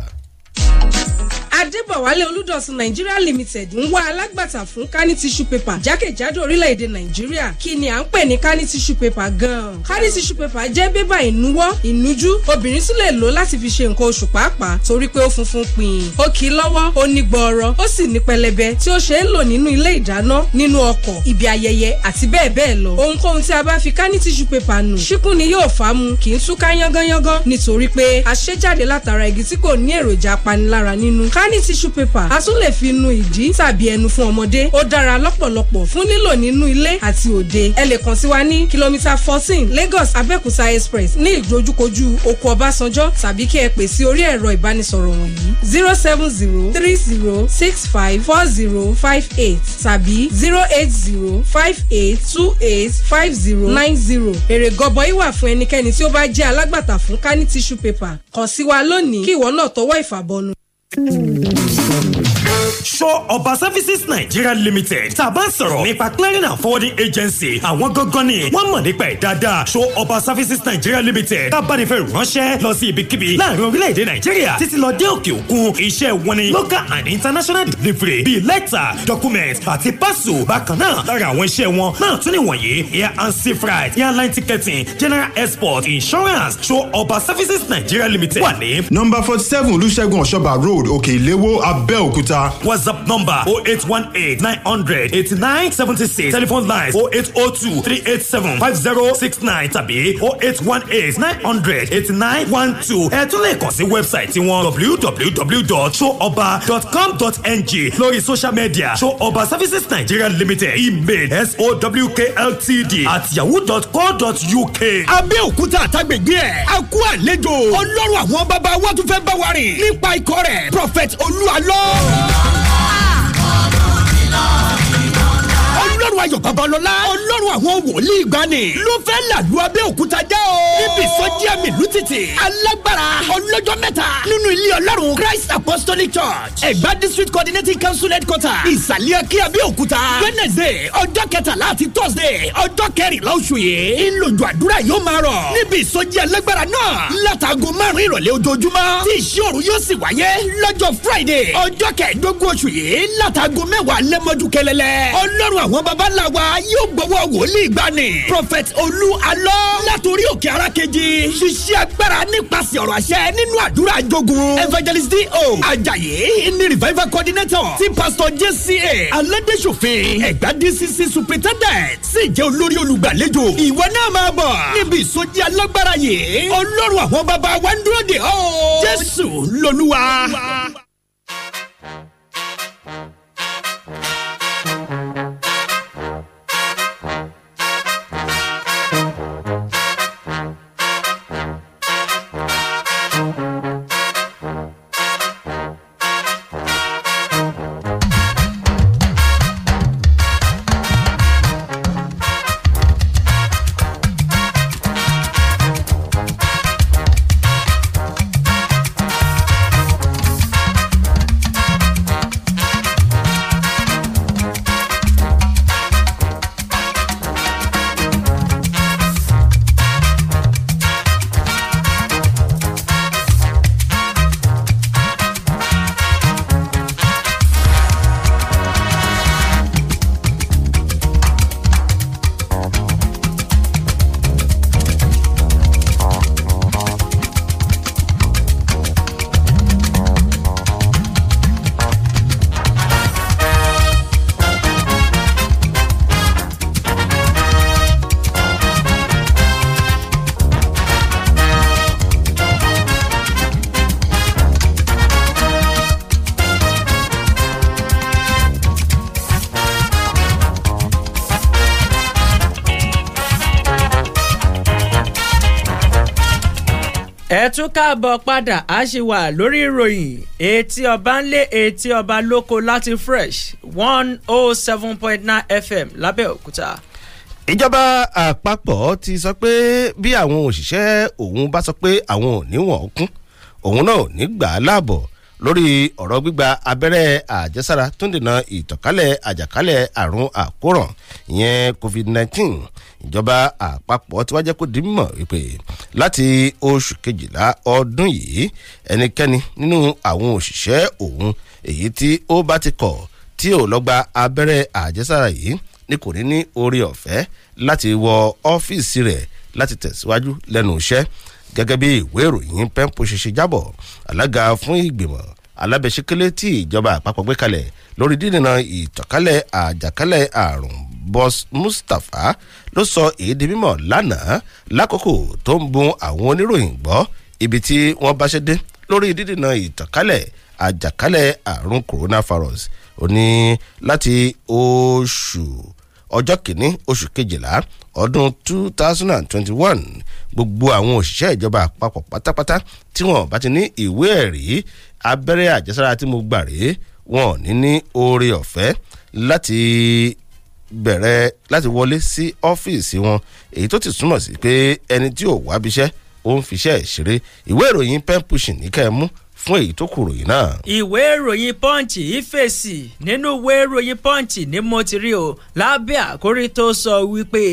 adébọ̀wálé olùdọ̀sùn nàìjíríà limited ń wá alágbàtà fún kani tissue paper jákèjádò orílẹ̀-èdè nàìjíríà kí ni à ń pè ní kani tissue paper gan-an kani tissue paper jẹ́ bébà ìnuwọ́ ìnujú obìnrin tún lè lò láti fi ṣe nǹkan oṣù pàápàá torí pé ó funfun pin ó kì í lọ́wọ́ ó ní gbọ́ọ̀rọ̀ ó sì ní pẹlẹbẹ tí ó ṣe é lò nínú ilé ìdáná nínú ọkọ̀ ibi ayẹyẹ àti bẹ́ẹ̀ bẹ́ẹ̀ lọ ohunkóhun tí a bá fi kani tissue paper nù ṣíkún ni yóò fà á mu kì í túká yángányángán nítorí pé àṣejáde látara igi tí kò ní èròjà apanilára nínú kani Tissue paper. a tún lè fi nu ìdí tàbí ẹnu fún ọmọdé ó dára lọ́pọ̀lọpọ̀ fún lílò nínú ilé àti òde ẹ lè kàn sí wa ní kìlómítà fourteen Lagos Abẹ́òkúta express ní ìdojúkojú oko Ọbásanjọ́ tàbí kí ẹ pè sí orí ẹ̀rọ ìbánisọ̀rọ̀ wọ̀nyí zero seven zero three zero six five four zero five eight tàbí zero eight zero five eight two eight five zero nine zero èrè gọbọi wà fún ẹnikẹ́ni tí ó bá jẹ́ alágbàtà fún kání tíṣù pépà kàn sí wa lónìí kí ìwọ náà tọwọ́ ìfàbọnu. Muzik mmm. Show Ọba Services Nigeria Limited tá a bá ń sọ̀rọ̀ nípa clearing and forwarding agency àwọn gangan ni wọ́n mọ̀ nípa ẹ̀ dáadáa Show Ọba Services Nigeria Limited tá a bá ní fẹ́ ránṣẹ́ lọ sí ibikíbi láàrin orílẹ̀-èdè Nàìjíríà títí lọ dé òkè òkun iṣẹ́ wọn ni local and international delivery bíi lẹ́tà document àti parcel bákan náà lára àwọn iṣẹ́ wọn náà tún níwọ̀nyí air and sea freight airline ticketing general export insurance Show Ọba Services Nigeria Limited wà ní. number forty seven Olúṣẹ́gun Ọ̀ṣọ́bà road Òkè Ìléwó Abẹ́òkúta Abuja. WhatsApp number 0818 900 8976. Telephone lines 0802 387 5069 tàbí 0818 900 8912. Ẹ lè kàn sí wẹ́bsáìtì tiwọn www.showoba.com.ng lórí social media Showoba Services Nigeria Limited email sowkltd at yahoo.co.uk. Abẹ́òkúta àtàgbègbè ẹ̀ a kú àlejò ọlọ́run àwọn bàbá wa tún fẹ́ bá wa rìn nípa ikọ̀ rẹ̀ Prophet Olúwalọ́. Mama. ọlọ́run ayọ̀ babalọ́lá ọlọ́run àwọn wòlíì gbani ló fẹ́ làlú abẹ́òkúta jẹ́ o. níbi ìsọjí àmì ìlú alágbára ọlọ́jọ́ mẹ́ta nínú ilé ọlọ́run christ apostolic church ẹ̀gbá district coordinating council headquarter ìsàlẹ̀ akí abẹ́òkúta wednesday ọjọ́ kẹtàlá àti thursday ọjọ́ kẹrìnlá oṣù yìí ìlòjù àdúrà yóò máa rọ̀ níbi ìsọjí alágbára náà látàgò márùn ìrọ̀lẹ́ ojoojúmọ́ tí ìṣòro yóò sì wáyé friday ọjọ́ kẹẹ̀ẹ́dógún oṣù yìí látàgò mẹ́wàá lẹ́mọ́dún kẹlẹ́lẹ́ ọlọ́run àwọn baba abala yóò gbọ́wọ́ wòlíì gbani. prophet olú alọ́ látòrí òkè arákejì. ṣiṣẹ́ agbára nípasẹ̀ ọ̀rọ̀ àṣẹ nínú àdúrà jogun. evangelist D.O. ajayi ni revival coordinator ti pastor J.C.A. aládéṣòfin ẹ̀gbá DCC superintendent sì jẹ́ olórí olùgbàlejò. ìwọ náà máa bọ̀ níbi ìsọjí alágbára yìí. ọlọ́run àwọn baba wa ń dúró de ọ́. jésù lolúwa. ẹ tún káàbọ̀ padà a ṣì wà lórí ìròyìn etí ọba ń lé etí ọba lóko láti fresh one oh seven point nine fm lábẹ́òkúta. ìjọba àpapọ̀ ti sọ pé bí àwọn òṣìṣẹ́ òun bá sọ pé àwọn ò ní wọ̀n kún òun náà ò ní gbà á láàbọ̀ lórí ọ̀rọ̀ gbígba abẹ́rẹ́ àjẹsára tó ń dènà ìtànkálẹ̀ àjàkálẹ̀ àrùn àkóràn ìyẹn covid nineteen ìjọba àpapọ̀ tí wàá jẹ́ kó di mímọ̀ wípé láti oṣù kejìlá ọdún yìí ẹnikẹ́ni nínú àwọn òṣìṣẹ́ òun èyí tí ó bá ti kọ̀ tí ò lọ gba abẹ́rẹ́ àjẹsára yìí ni kò ní ní oore ọ̀fẹ́ láti wọ ọ́fíìsì rẹ̀ láti tẹ̀síwájú lẹ́nu iṣẹ́ gẹ́gẹ́ bí ìwé ìròyìn pẹ́ńpù ṣe ṣe jábọ̀ alága fún ìgbìmọ̀ alábẹ̀ṣekélé tí ìjọba àpapọ̀ gbé kalẹ̀ lórí dídènà ìtànkálẹ̀ àjàkálẹ̀ àrùn boss mustapha ló sọ èyí di mímọ̀ lánàá lákòókò tó ń bun àwọn oníròyìn gbọ́ ibi tí wọ́n bá ṣe dé lórí dídènà ìtànkálẹ̀ àjàkálẹ̀ àrùn coronavirus ó ní láti oṣù ọjọ́ kìíní oṣù kejìlá ọdún two thousand and twenty one gbogbo àwọn òṣìṣẹ́ ìjọba àpapọ̀ pátápátá tí wọ́n bá ti ní ìwé ẹ̀rí abẹ́rẹ́ àjẹsára tí mo gbà rèé wọn ò ní ní oore ọ̀fẹ́ láti bẹ̀rẹ̀ láti wọlé sí ọ́fíìsì wọn èyí tó ti túmọ̀ sí pé ẹni tí ò wábiṣẹ́ ó ń fiṣẹ́ ìṣeré ìwé ìròyìn pen pushing ní kẹ́ ẹ mú fún èyí tó kù ròyìn náà. ìwé ìròyìn pọ́ǹchì ìfèsì nínú ìwé ìròyìn pọ́ǹchì ni mo ti rí o lábẹ́ àkórí tó sọ wípé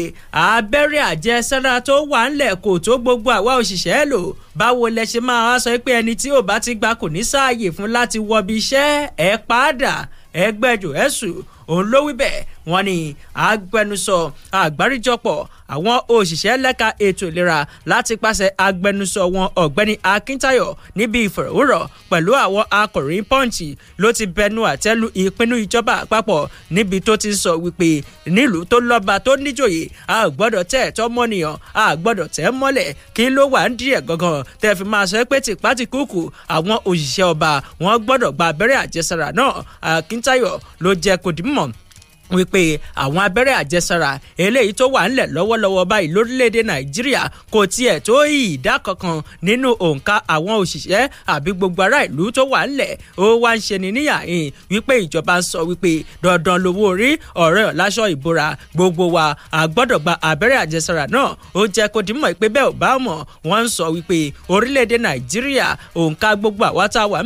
abẹ́rẹ́ àjẹsára tó wà ńlẹ̀ kò tó gbogbo àwa òṣìṣẹ́ lò báwo lẹ ṣe máa sọ pé ẹni tí ò bá ti gba kò ní sáàyè fún láti wọbi iṣẹ́ ẹ̀ padà ẹgbẹ́jọ ẹ̀sùn òun ló wí bẹ́ẹ̀ wọ́n ní agbẹnusọ àgbáríjọpọ̀ àwọn òṣìṣẹ́ lẹ́ka ètò ìlera láti pàṣẹ agbẹnusọ wọn ọ̀gbẹ́ni akíntáyọ̀ níbi ìfọ̀rọ̀wérọ̀ pẹ̀lú àwọn akọ̀ròyìn pọ́ǹchì ló ti bẹnu àtẹ́lu ìpinnu ìjọba àpapọ̀ níbi tó ti sọ wípé nílùú tó lọ́ba tó níjòyè a gbọ́dọ̀ tẹ̀ tọ́ mọ́nìyàn a gbọ́dọ̀ tẹ̀ mọ́lẹ̀ kí ló wà ń díẹ̀ gangan tẹ́ fi máa sọ pé tìpátìkúùkù àwọn òṣìṣẹ́ ọba wọn gbọ́dọ̀ gba abẹ́rẹ́ àjẹsára náà akíntáyọ̀ ló jẹ́ kòdìmọ̀ Hammond wípé àwọn abẹ́rẹ́ àjẹsára eléyìí tó wà ńlẹ̀ lọ́wọ́lọ́wọ́ báyìí lórílẹ̀‐èdè nàìjíríà kò tiẹ̀ tó ìdá kankan nínú òǹkà àwọn òṣìṣẹ́ àbí gbogbo ará ìlú tó wà ńlẹ̀ ó wá ń ṣe níníyàhìn wípé ìjọba ń sọ wípé dandan lówó orí ọ̀rẹ́ láṣọ ìbora gbogbo wa a gbọ́dọ̀ gba abẹ́rẹ́ àjẹsára náà ó jẹ́ kó dìímọ̀ pé bẹ́ẹ̀ ò bá mọ̀ wọ́n ń sọ wípé orílẹ̀‐èdè nàìjíríà òǹkà gbogbo àwa tá a wà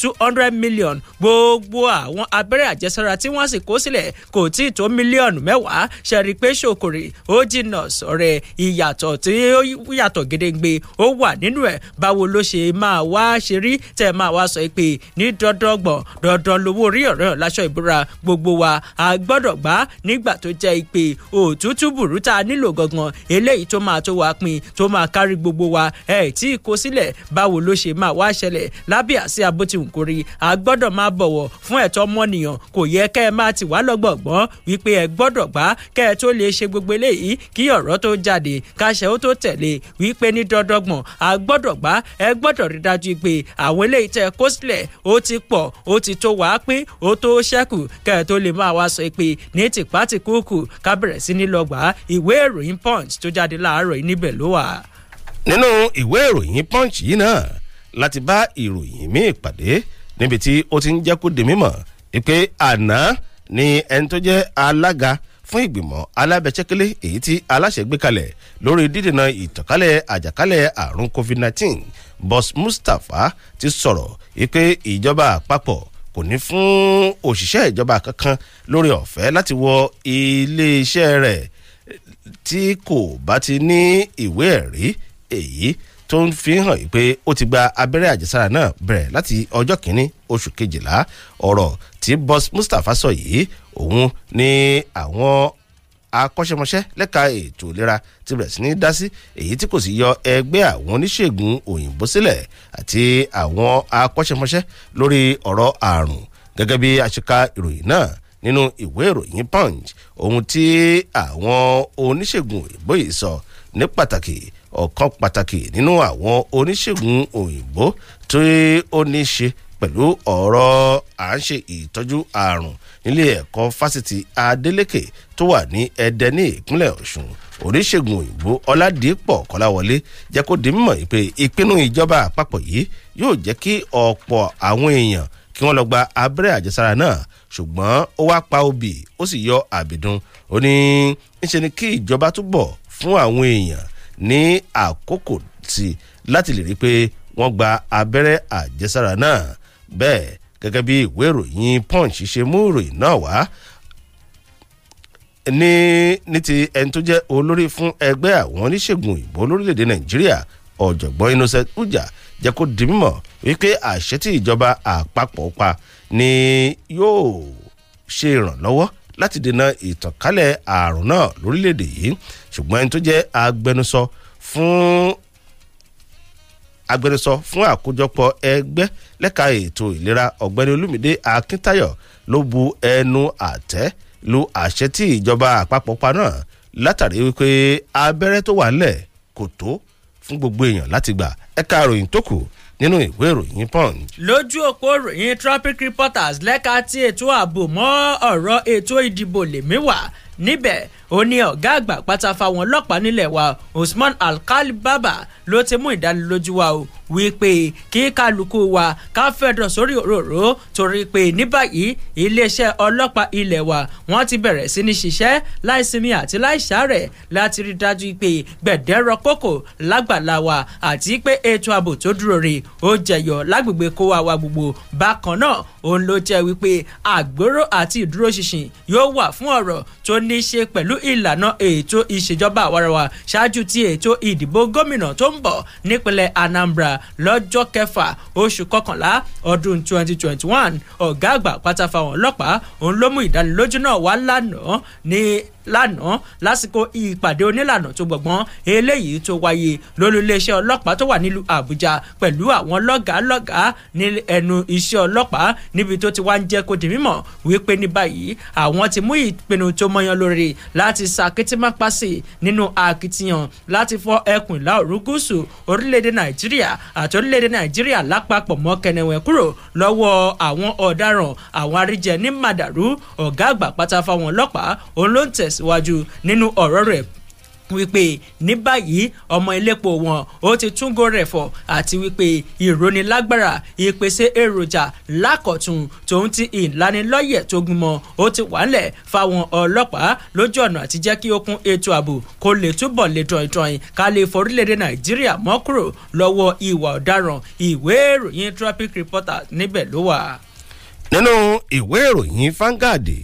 two hundred million gbogbo àwọn ab abẹ́rẹ́ àjẹsára tí wọ́n sì kó sílẹ̀ kò tí ì tó mílíọ̀nù mẹ́wàá ṣẹ̀rí pé ṣòkòrè ó jìnnà sọ̀rẹ́ ìyàtọ̀ tí ó yàtọ̀ gedegbe ó wà nínú ẹ̀ báwo ló ṣe máa wá ṣe rí tẹ̀ máa wá sọ pé ní dandan gbọ̀n dandan lowó orí ọ̀rẹ́ láṣọ ìbúra gbogbo wa a gbọ́dọ̀ gbá nígbà tó jẹ́ pé òtútù burú tá a nílò gangan eléyìí tó máa tó wa pin tó máa kárí gbogbo wa ẹ̀ tí kò sílẹ̀ báwo ló ṣe máa wá ṣẹlẹ̀ lábẹ́ àsíá bó a gbọ́dọ̀ máa bọ̀wọ̀ fún ẹ̀tọ́ mọ́ni ọmọnìyàn kò yẹ kẹ́ ẹ máa tì wá lọ́gbọ̀gbọ́n wípé ẹ gbọ́dọ̀ gbá kẹ́ ẹ tó lè ṣe gbogbo eléyìí kí ọ̀rọ̀ tó jáde káṣẹ ó tó tẹ̀lé wípé ní dandangbọ̀n a gbọ́dọ̀ gbá ẹ gbọ́dọ̀ rí dájú pé àwọn eléyìí tẹ kó sílẹ̀ ó ti pọ̀ ó ti tó wàá pín ó tó ṣẹ́kù kẹ́ ẹ tó lè máa wá sọ pé ní tìpátìkúùkù ká sí ní lọ́gbà ìwé ìròyìn punch tó jáde láàárọ̀ yìí níbẹ̀ ló wà. nínú ìwé ìròyìn punch yìí náà láti bá ìròyìn míì pàdé níbi tí ó ti ń jẹ́ kó di mímọ̀ pé àná ni ẹni tó jẹ́ alága fún ìgbìmọ̀ alábẹ́sẹ́kẹ́lé èyí tí aláṣẹ gbé kalẹ̀ lórí dídènà ìtànkálẹ̀ àjàkálẹ̀ àrùn covid-19 boss mustapha ti sọ̀rọ̀ wípé ìjọba àpapọ̀ kò ní fún òṣìṣẹ́ ìjọba kankan lórí ọ̀fẹ́ láti wọ iléeṣẹ́ rẹ̀ tí kò bá ti ní ìwé ẹ̀rí èyí tó ń fi hàn yìí pé ó ti gba abẹ́rẹ́ àjẹsára náà bẹ̀rẹ̀ láti ọjọ́ kìíní oṣù kejìlá ọ̀rọ̀ tí boss Mustapha sọ yìí òun ni àwọn akọ́ṣẹ́mọṣẹ́ lẹ́ka ètò ìlera ti bẹ̀rẹ̀ sí ní dá sí èyí tí kò sì yọ ẹgbẹ́ àwọn oníṣègùn òyìnbó sílẹ̀ àti àwọn akọ́ṣẹ́mọṣẹ́ lórí ọ̀rọ̀ àrùn gẹ́gẹ́ bí àṣekà ìròyìn náà nínú ìwé ìròyìn punch ohun tí àwọn oníṣègùn òyìnbó yìí sọ ní pàtàkì ọ̀kan pàtàkì nínú àwọn oníṣègùn òyìnbó tí ó ní ṣe pẹ̀lú ọ̀rọ̀ à ń ṣe ìtọ́jú àrùn nílé ẹ̀kọ́ fásitì Adeleke tó wà ní Ẹdẹ ní ìpínlẹ̀ Ọ̀ṣun oníṣègùn òyìnbó Ọládìpọ̀ Kọ́láwọlé jẹ́ kó di mímọ̀ pé ìpinnu ìjọba àpapọ̀ yìí yóò jẹ́ kí ọ̀pọ̀ àwọn èèyàn kí wọ́n lọ gba abẹ́rẹ́ àjẹsára náà ṣùgbọ́n ó wá pa obì ó sì yọ àbìdún ó ní ńṣe ni kí ìjọba túbọ̀ fún àwọn èèyàn ní àkókò sí láti lè rí i pé wọ́n gba abẹ́rẹ́ àjẹsára náà bẹ́ẹ̀ gẹ́gẹ́ bí ìwé ìròyìn punch ṣe mú ìròyìn náà wá ní ní ti ẹni tó jẹ́ olórí fún ẹgbẹ́ àwọn oníṣègùn ìbò lórílẹ̀‐èdè nàìjíríà ọ̀jọ̀gbọ́n innocent uja jẹ́ kó di mímọ̀ wípé àṣẹ tí ìjọba àpapọ̀ pa ni yóò ṣe ìrànlọ́wọ́ láti dènà ìtànkálẹ̀ ààrùn náà lórílẹ̀‐èdè yìí ṣùgbọ́n ẹni tó jẹ́ agbẹnusọ fún agbẹnusọ fún àkójọpọ̀ ẹgbẹ́ lẹ́ka ètò ìlera ọ̀gbẹ́ni olúmídé akíntayọ̀ ló bu ẹnu àtẹ́ lu àṣẹ tí ìjọba àpapọ̀ pa náà látàrí wípé abẹ́rẹ́ tó wà ńlẹ̀ kò tó fún gbogbo èèyàn láti gbà ẹ̀ka ìròyìn tó kù nínú ìwé ìròyìn punch. lójú òpó ìròyìn tropic reporters lẹ́ka tí ètò ààbò mọ́ ọ̀rọ̀ ètò ìdìbò lèmi wà níbẹ̀ ó ní ọ̀gá àgbà pátá fáwọn ọlọ́pàá nílẹ̀ wa Usman Alkali Baba ló ti mú ìdánilójú wa o wípé kí kálukú wa ká fẹ̀dọ̀ sórí òróró torí pé ní báyìí iléeṣẹ́ ọlọ́pàá ilẹ̀ wa wọ́n ti bẹ̀rẹ̀ sí ní ṣiṣẹ́ láìsinmi àti láìsàárẹ̀ láti rí dájú pé gbẹ̀dẹ́rọ kókò lágbàlá wa àti pé ètò ààbò tó dúró re ó jẹyọ lágbègbè kó wa wa gbogbo bákan náà òun ló jẹ́ wípé àgbóró àti ìdúróṣinṣin yóò wà fún ọ̀rọ̀ tó ní í ṣe pẹ̀lú ìlànà ètò ìṣèjọba àwarawa ṣáájú ti ètò ìdìbò gómìnà tó ń bọ̀ nípínlẹ̀ Anambra lọ́jọ́ kẹfà oṣù kọkànlá ọdún 2021 ọ̀gá àgbà pátá fáwọn ọlọ́pàá òun ló mú ìdánilójú náà wá lánàá ní lánàá lásìkò ìpàdé onílànà tó gbọ̀gbọ́n eléyìí tó wáyé lólú iléeṣẹ́ tó wà nílùú Àbújá pẹ̀lú àwọn lọ́gàálọ́gàá ní ẹnu iṣẹ́ ọlọ́pàá níbi tó ti wá ń jẹ́ kó di mímọ̀ wípé ní báyìí àwọn ti mú ìpinnu tó mọyan lórí láti sàkítímápàsì nínú akitiyan láti fọ ẹkùn ìlà oòrùn gúúsù orílẹ̀ Nàìjíríà àti orílẹ̀ Nàìjíríà lápapọ̀ mọ́ kẹnẹwẹ̀ kúrò lọ́wọ́ àwọn ọ̀daràn àwọn àríjẹ tẹ̀síwájú nínú ọ̀rọ̀ rẹ̀ wípé ní báyìí ọmọ ilépo wọn ó ti túngò rẹ̀fọ̀ àti wípé ìrónilágbára ìpèsè èròjà lákọ̀tún tòun ti ìlanilọ́yẹ̀ tó gúnmọ́ ó ti wà ńlẹ̀ fáwọn ọlọ́pàá lójú ọ̀nà àti jẹ́ kí ó kún ètò ààbò kó lè túbọ̀ lè dọ̀ìdọ̀ìn ká lè forílẹ̀-èdè nàìjíríà mọ́ kúrò lọ́wọ́ ìwà ọ̀daràn ìwé ìròyìn traffic reporter níbẹ̀ ló wà. nínú ìwé ìròyìn fangadi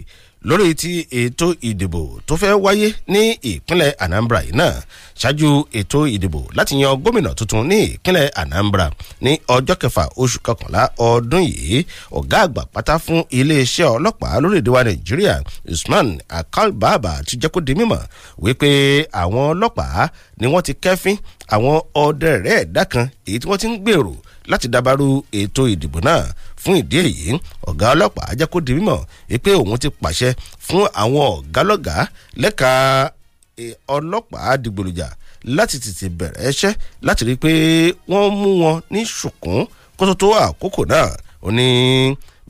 lórí ti ètò ìdìbò tó fẹ́ wáyé ní ìpínlẹ̀ Anambra yìí náà ṣáájú ètò ìdìbò láti yan gómìnà tuntun ní ìpínlẹ̀ Anambra ní ọjọ́ kẹfà oṣù kọkànlá ọdún yìí ọ̀gá àgbà pátá fún iléeṣẹ́ ọlọ́pàá lórílẹ̀‐èdè wa Nàìjíríà Usman Akal Baba ti jẹ́ kó di mímọ̀ wípé àwọn ọlọ́pàá ni wọ́n ti kẹ́fín àwọn ọdẹ rẹ̀ ẹ̀dá kan èyí tí wọ́n ti ń gbèrò láti dabarú ètò ìdìbò náà fún ìdí èyí ọ̀gá ọlọ́pàá jẹ́ kó di mímọ̀ pé òun ti pàṣẹ fún àwọn ọ̀gá lọ́gàá lẹ́ka e, ọlọ́pàá dìgbòlùjà láti tètè bẹ̀rẹ̀ ẹṣẹ́ láti rí i pé wọ́n mú wọn ní ṣùkún kó tó tó àkókò náà ó ní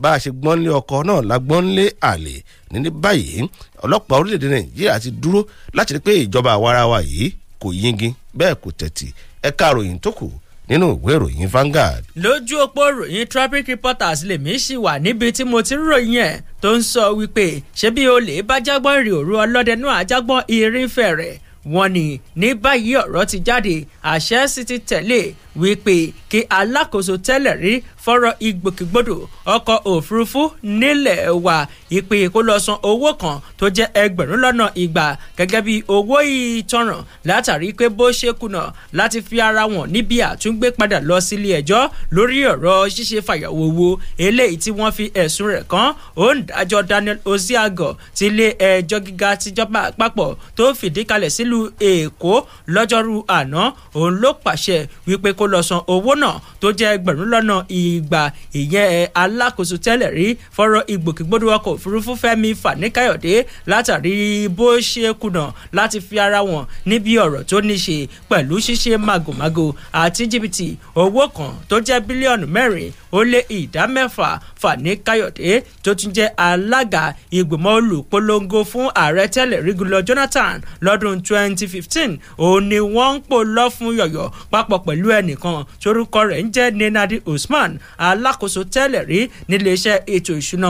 bá a ṣe gbọ́n lé ọkọ náà la gbọ́n lé àlè ní báyìí ọlọ́pàá orílẹ̀-èdè nàìjíríà ti dúró láti rí i pé ìjọba àwarawa yìí kò yingin bẹ́ẹ̀ kò tẹ̀tì ẹ̀ka àròyìn tó kù nínú ìwé ìròyìn Vanguard. lójú òpó ròyìn traffic reporters lèmi ṣì wà níbi tí mo ti ń ròyìn ẹ̀ tó ń sọ wípé ṣé bí olè bá jágbọ́n ìrìn òru ọlọ́dẹ náà àjágbọ́n ìrìn fẹ̀rẹ̀ wọ́n ní ní báyìí ọ̀rọ̀ ti jáde àṣẹ sì ti tẹ̀lé wípé kí alákòóso tẹ́lẹ̀ rí fọ́rọ̀ ìgbòkègbodò ọkọ̀ òfurufú nílẹ̀ wa ìpè kó lọ san owó kan tó jẹ́ ẹgbẹ̀rún lọ́nà ìgbà gẹ́gẹ́ bí owó ìtanràn látàrí pé bó ṣe kùnà láti fi ara wọn níbi àtúngbé padà lọ sílé ẹjọ́ lórí ọ̀rọ̀ ṣíṣe fàyàwó wo eléyìí tí wọ́n fi ẹ̀sùn rẹ̀ kàn òǹdájọ́ Daniel Oziago ti ilé ẹjọ́ gíga tìjọba àpapọ̀ tó fìdí kalẹ̀ sílùú Èkó lọ́jọ́rú àná òun ló pàṣẹ wípé kó lọ san owó náà tó jẹ́ ẹgbẹ̀rún lọ́nà ìgbà ìyẹn eh, alákòóso tẹ́lẹ̀ rí fọ́rọ̀ ìgbòkègbodò ọkọ̀ òfurufú fẹ́mi fanikayode látàrí bó ṣe kùnà láti fi ara wọn níbi ọ̀rọ̀ tó ní ṣe pẹ̀lú ṣíṣe màgòmágò àti jìbìtì owó kan tó jẹ́ bílíọ̀nù mẹ́rin ó lé ìdá mẹ́fà fanikayode tó tún jẹ́ alága ìgbìmọ̀ olùpolongo fún ààrẹ tẹ́lẹ̀ rí gulọ jonathan lọ́dún 2015 òun ni wọ́n ń pò lọ́ fún yọ̀yọ̀ papọ̀ pẹ̀lú ẹnì kan torúkọ rẹ̀ ń jẹ́ nenadi usman alákòóso tẹ́lẹ̀ rí níléeṣẹ́ ètò ìṣúná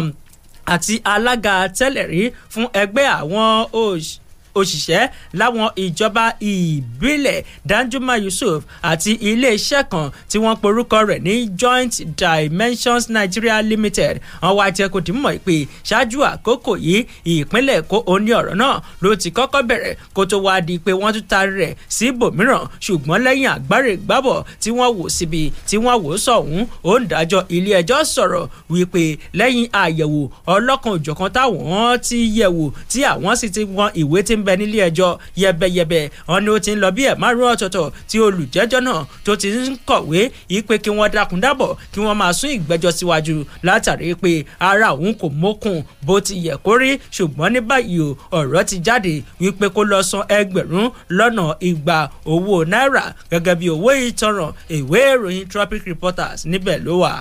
àti alága tẹ́lẹ̀ rí fún ẹgbẹ́ àwọn òṣìṣẹ́ òṣìṣẹ́ láwọn ìjọba ìbílẹ̀ Danjuma Yusuf àti iléeṣẹ́ kan tí wọ́n porúkọ rẹ̀ ní Joint Dimensions Nigeria Limited wọ́n wá tí kò tí mọ̀ pé ṣáájú àkókò yìí ìpínlẹ̀ Èkó òní ọ̀rọ̀ náà ló ti kọ́kọ́ bẹ̀rẹ̀ kó tó wá di pé wọ́n tún taari rẹ̀ sí ibòmíràn ṣùgbọ́n lẹ́yìn àgbáre gbábọ̀ tí wọ́n wò síbi tí wọ́n wò sọ̀hún òǹdájọ́ ilé ẹjọ́ sọ̀rọ̀ wípé lẹ́yìn àyẹ̀wò ọlọ́kan òjọ̀kan táwọn ti yẹ̀wò tí àwọn sì ti wọn ìwé ti ń bẹ nílé ẹjọ́ yẹbẹyẹbẹ wọn ni ó ti ń lọ bí ẹ̀ márùn ọ̀tọ̀ọ̀tọ̀ tí olùjẹ́jọ́ náà tó ti ń kọ̀wé ìpè kí wọ́n dákun dábọ̀ kí wọ́n máa sún ìgbẹ́jọ́ síwájú látàrí pé ara òun kò mókun bó ti yẹ kó rí ṣùgbọ́n ní báyìí o ti jáde wípé kó lọ san ẹgbẹ̀rún lọ́nà igba owó náírà gẹ́gẹ́ bí owó ìtanràn ìwé ìròyìn Tropic Reporters níbẹ̀ ló wà.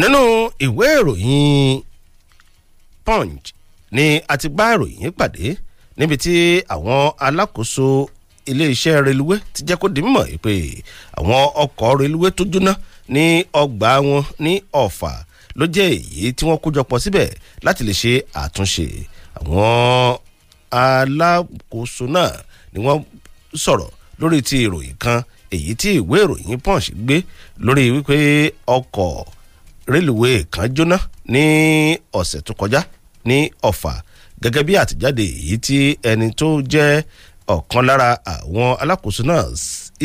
nínú ìwé ìròyìn Punch ni a ti gbá ìròyìn pàdé níbi tí àwọn alákòóso iléeṣẹ́ reluwé ti jẹ́ kó di mímọ̀ pé àwọn ọkọ̀ reluwé tó jóná ní ọgbà wọn ní ọ̀fà ló jẹ́ èyí tí wọ́n kójọpọ̀ síbẹ̀ láti lè ṣe àtúnṣe àwọn alákòóso náà ni wọ́n sọ̀rọ̀ lórí ti ìròyìn kan èyí tí ìwé ìròyìn punch gbé lórí wípé ọkọ̀ reluwé kan jóná ní ọ̀sẹ̀ tó kọjá ní ọ̀fà gẹ́gẹ́ bí àtẹ̀jáde èyí tí ẹni tó jẹ́ ọ̀kan lára àwọn alákòóso náà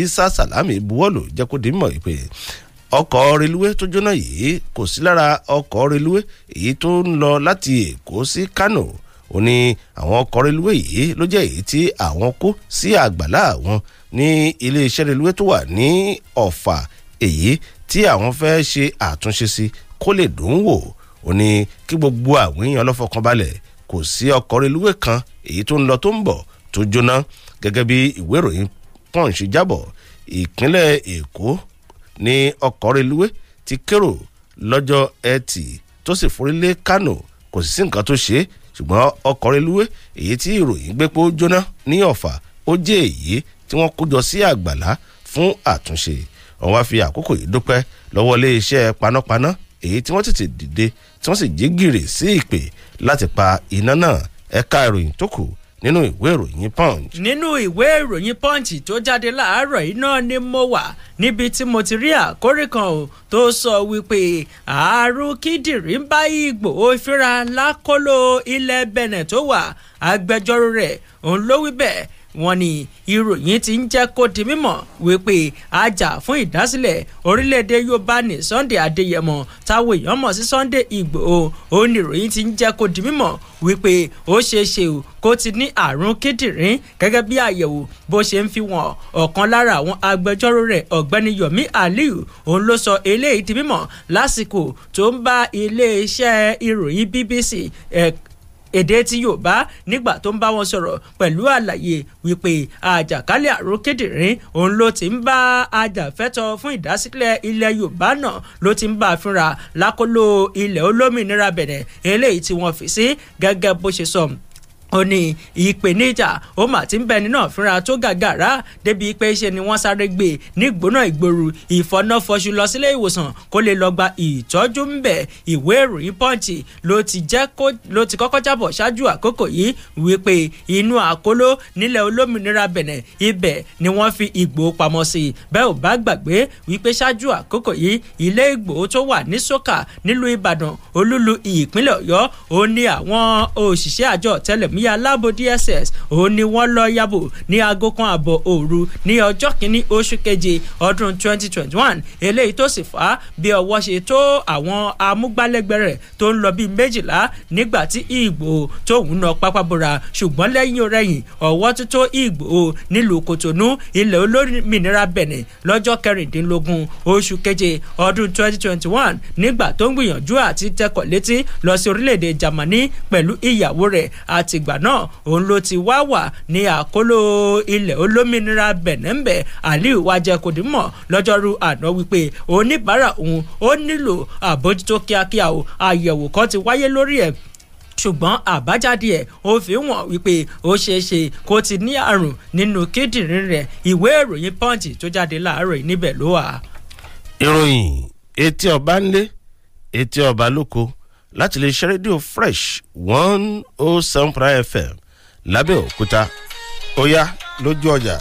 Isa Salami buwọ́lù jẹ́ kó di mọ̀ pé ọkọ̀ reluwé tó jóná yìí kò sí lára ọkọ̀ reluwé èyí tó ń lọ láti Èkó sí Kánò ó ní àwọn ọkọ̀ reluwé yìí ló jẹ́ èyí tí àwọn kó sí àgbàlá àwọn ní iléeṣẹ́ reluwé tó wà ní Ọ̀fà èyí tí àwọn fẹ́ ṣe àtúnṣe sí kó lè dùn wò ó ní kí gbogbo àwọn èèyàn lọ́fọkànbalẹ̀ kò sí ọkọ̀ reluwé kan èyí tó ń lọ tó ń bọ̀ tó jóná gẹ́gẹ́ bí ìwé ìròyìn punch jábọ̀ ìpínlẹ̀ èkó ní ọkọ̀ reluwé ti kérò lọ́jọ́ ẹtì tó sì forí lé kánò kò sì sí nǹkan tó ṣe é ṣùgbọ́n ọkọ̀ reluwé èyí tí ìròyìn gbé pé ó jóná ní ọ̀fà ó jẹ́ èyí tí wọ́n kó sí àgbàlá fún àtúnṣe wọ́n wá fi àkókò yìí dúpẹ́ lọ́wọ́ iléeṣẹ́ panápaná èyí tí wọ́n tètè dìde tí wọ́n sì jí gìrì sí ìpè láti pa iná náà ẹ̀ka ìròyìn tó kù nínú ìwé ìròyìn punch. nínú ìwé ìròyìn punch tó jáde láàárọ̀ yìí ni mo wà níbi tí mo ti rí àkórí kan o tó sọ wípé ààrùn kíndìnrín ń bá Ìgbòho fínra lákòlò ilẹ̀ Benin tó wà agbẹjọ́rò rẹ̀ òun ló wí bẹ́ẹ̀ wọ́n ní ìròyìn ti ń jẹ́ kó di mímọ̀ wípé ajá fún ìdásílẹ̀ orílẹ̀-èdè Yorùbá ní Sunday Adéyẹmọ táwọn èèyàn mọ̀ sí Sunday Ìgbòho ó ní ìròyìn ti ń jẹ́ kó di mímọ̀ wípé ó ṣeé ṣe kó ti ní àrùn kíndìnrín gẹ́gẹ́ bí àyẹ̀wò bó ṣe ń fi wọ́n ọ̀kan lára àwọn agbẹjọ́rò rẹ̀ ọ̀gbẹ́ni Yomi Aliu òun ló sọ eléyìí di mímọ̀ lásìkò tó ń bá iléeṣẹ́ ìròyìn BBC eh, èdè ti Yorùbá nígbà tó ń bá wọn sọ̀rọ̀ pẹ̀lú àlàyé wípé àjàkálẹ̀ àrùn kíndìnrín òun ló ti ń bá àjàfẹ́tọ̀ fún ìdásílẹ̀ ilẹ̀ Yorùbá náà ló ti ń bá a fínra lákòlò ilẹ̀ olómìnira Bẹ̀nẹ̀ eléyìí tí wọ́n fi sí gẹ́gẹ́ bó ṣe sọ ó ní ìpèníjà ó mà ti ń bẹ ẹni náà fúnra tó gàgàrà débi pé ṣe ni wọ́n sáré gbé e nígbóná ìgboro ìfọnáfọṣù lọ sílé ìwòsàn kó lè lọ gba ìtọ́jú ń bẹ ìwé ìròyìn pọ́ǹtì ló ti jẹ́ kó ló ti kọ́kọ́ jábọ̀ ṣáájú àkókò yìí wípé inú àkóló nílẹ̀ olómìnira bẹ̀nẹ̀ ibẹ̀ ni wọ́n fi ìgbò pamọ́ sí i bẹ́ẹ̀ ò bá gbàgbé wípé ṣáájú àkókò yìí ilé ìgbò tó wà ní sókà nílùú ìbàdàn olúlu ìpínlẹ̀ ọ̀yọ́ ó ní àwọn òṣìṣẹ́ àjọ ẹ̀mí aláàbò DSS òun ni wọ́n lọ yàbò ní aago kan àbọ̀ òru ní ọjọ́ kìíní oṣù keje ọdún 2021 eléyìí tó sì fà á bí ọwọ́ ṣe tó àwọn amúgbálẹ́gbẹ̀ẹ́ rẹ̀ tó ń lọ bíi méjìlá nígbà tí Ìgbòho tóun nà pápá bora ṣùgbọ́n lẹ́yìn orẹ́yìn ọwọ́ tó tó Ìgbòho nílùú Kòtònú ilẹ̀ olómìnira Benin lọ́jọ́ kẹrìndínlógún oṣù keje ọdún 2021 nígbà tó ń gbìyànjú àti tẹkọ̀ létí lọ sí orílẹ̀-èdè Germany pẹ̀lú ìyàwó rẹ̀ àtìg ìgbà náà òun ló ti wá wà ní àkóló ilẹ̀ olómìnira bẹ̀nẹ́mbẹ̀ aliu wájẹkùdímọ̀ lọ́jọ́rú àná wípé oníbàárà òun ó nílò àbójútó kíákíá o àyẹ̀wò kan ti wáyé lórí ẹ̀ ṣùgbọ́n àbájáde ẹ̀ ó fi wọ́n wípé ó ṣeé ṣe kó ti ní àrùn nínú kíndìnrín rẹ̀ ìwé ìròyìn punch tó jáde láàárọ̀ níbẹ̀ ló wà. ìròyìn etí ọba ńlé etí ọba lóko láti lè ṣe rédíò fresh one oh seven prime fm lábẹ́òkúta ó yá lójú ọjà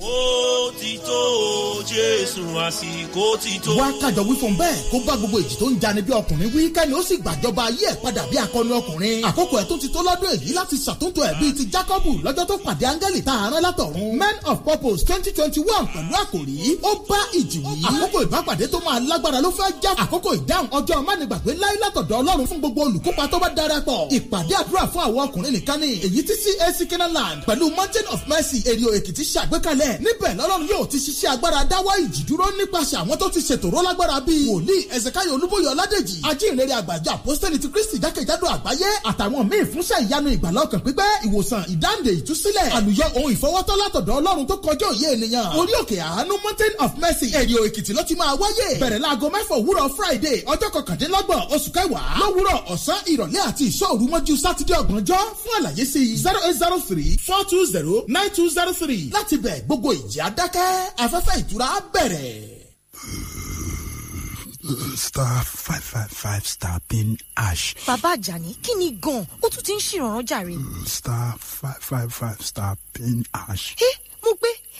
ó ti tó jésù àsìkò ti tó. wá kájọ wí fún bẹ́ẹ̀ kó bá gbogbo èjì tó ń jani bí ọkùnrin wí kẹ́ni ó sì gbàjọba ayé ẹ̀ padà bí akọni ọkùnrin. àkókò ẹ̀ tó ti tó lọ́dún èyí láti ṣàtúntò ẹ̀ bíi ti jákọ́bù lọ́jọ́ tó pàdé áńgẹ́lì tá látọ̀run. men of purpose twenty twenty one pẹ̀lú àkòrí ó bá ìjì wí. àkókò ìbápàdé tó máa lágbára ló fẹ́ já. àkókò ìdáhùn ọjọ́ mánigbàgbé láyé látọ̀dọ̀ ọlọ́run fún gbogbo olùkópa tó bá darapọ̀. ìpàdé àdúrà fún àwọn ọkùnrin nìkan ni èyí tí mountain of mercy èrìò èkìtì ṣàgbékalẹ̀ bẹ́ẹ̀ níbẹ̀ lọ́lọ́run yóò ti ṣiṣẹ́ agbára dáwọ́ ìjì dúró nípasẹ̀ àwọn tó ti ṣètòrọ́ lágbára bíi wòlíì ẹ̀sẹ̀káyọ̀ olúbóyọ̀ ládèjì ajínrere àgbàjọ àpọ́sítẹ́lì ti kristi jákèjádò àgbáyé àtàwọn míì fúnṣẹ́ ìyanu ìgbàlá ọkàn pípẹ́ ìwòsàn ìdáǹdè ìtúsílẹ̀ àlùyọ ohun ìfọwọ́tọ́ látọ̀dọ̀ ọlọ́run tó kọjá òye ènìyàn orí òkè àánú mountain of mercy ẹ̀yọ́ èkìtì ló ti máa wáyé bẹ̀rẹ̀ láago mẹ́fà òwúrọ̀ friday ọjọ́ kọkàndínlọ́gbọ̀n oṣù kẹwàá lówùrọ̀ ọ̀sán ìrọ̀lẹ́ àti ìṣọ́òru mọ́jú sátidé ọgbọ̀njọ́ fún àlàyé sí zero eight zero three four two zero nine two zero three láti bẹ̀ gbogbo gbogbo ìjì adákẹ́ afẹ́fẹ́ ìtura bẹ̀rẹ̀. star five five five star pin ash. bàbá àjàní kí ni gan-an ó tún ti ń ṣèrànràn jàre. star five five five star pin ash. ẹ eh, mo gbé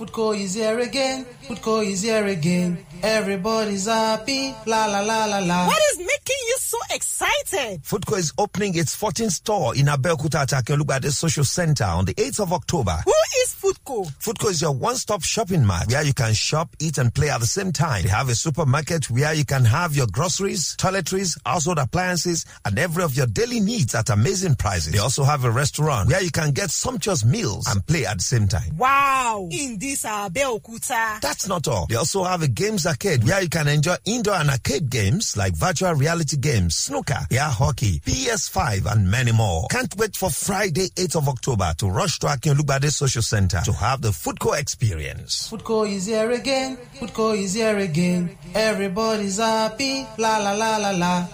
Foodco is here again. Foodco is here again. Everybody's happy. La la la la la. What is making you so excited? Foodco is opening its 14th store in Abeokuta at the Social Center on the 8th of October. Who is Foodco? Foodco is your one-stop shopping mart where you can shop, eat, and play at the same time. They have a supermarket where you can have your groceries, toiletries, household appliances, and every of your daily needs at amazing prices. They also have a restaurant where you can get sumptuous meals and play at the same time. Wow! Indeed Northeast, uh, Abeokuta. That's not all. They also have a games arcade where you can enjoy indoor and arcade games like virtual reality games, snooker, air hockey, PS5, and many more. Can't wait for Friday, 8th of October to rush to Akin Social Center to have the Foodco experience. Foodco is here again. Foodco is here again. Everybody's happy. La la la la la.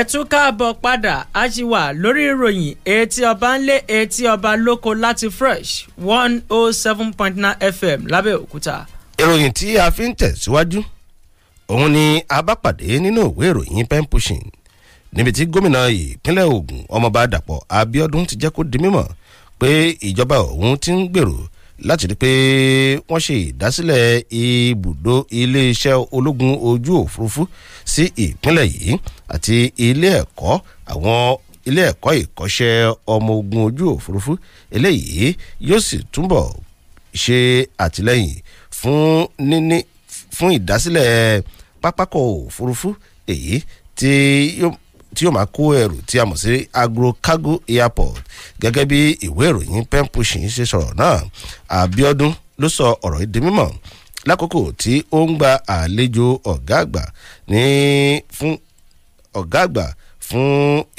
ẹ tún káàbọ̀ padà a ti wà lórí ìròyìn etí ọba ńlé etí ọba lóko láti fresh one oh seven point nine fm lábẹ́òkúta. ìròyìn tí a fi ń tẹ̀síwájú òun ni a bá pàdé nínú ìwé ìròyìn pen pushing níbi tí gómìnà ìpínlẹ̀ Ògùn ọmọọba Dàpọ̀ Abíọ́dún ti jẹ́ kó di mímọ̀ pé ìjọba òun ti ń gbèrò láti rí pé wọ́n ṣe ìdásílẹ̀ ibùdó iléeṣẹ́ ológun ojú òfurufú sí ìpínlẹ̀ yìí àti ilé ẹ̀kọ́ àwọn ilé ẹ̀kọ́ ìkọ́ṣẹ́ ọmọ ogun ojú òfurufú eléyìí yóò sì túbọ̀ ṣe àtìlẹ́yìn fún níní fún ìdásílẹ̀ pápákọ̀ òfurufú èyí tí yóò tí yóò máa kó ẹrù tí a mọ̀ sí agro cargo airport gẹ́gẹ́ bí ìwé ìròyìn pen pushing ṣe sọ̀rọ̀ náà Abíọ́dún ló sọ ọ̀rọ̀ yìí di mímọ̀ lákòókò tí ó ń gba àlejò ọ̀gá àgbà ní fún ọ̀gá àgbà fún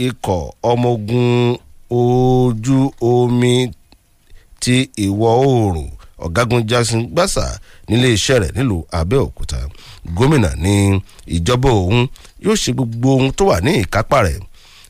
ikọ̀ ọmọ ogun ojú omi ti ìwọ̀ oòrùn ọ̀gágun Jackson Gbàsà nílé iṣẹ́ rẹ̀ nílùú Abẹ́òkúta gómìnà ní ìjọba òun yóò ṣe gbogbo ohun tó wà ní ìkápá rẹ̀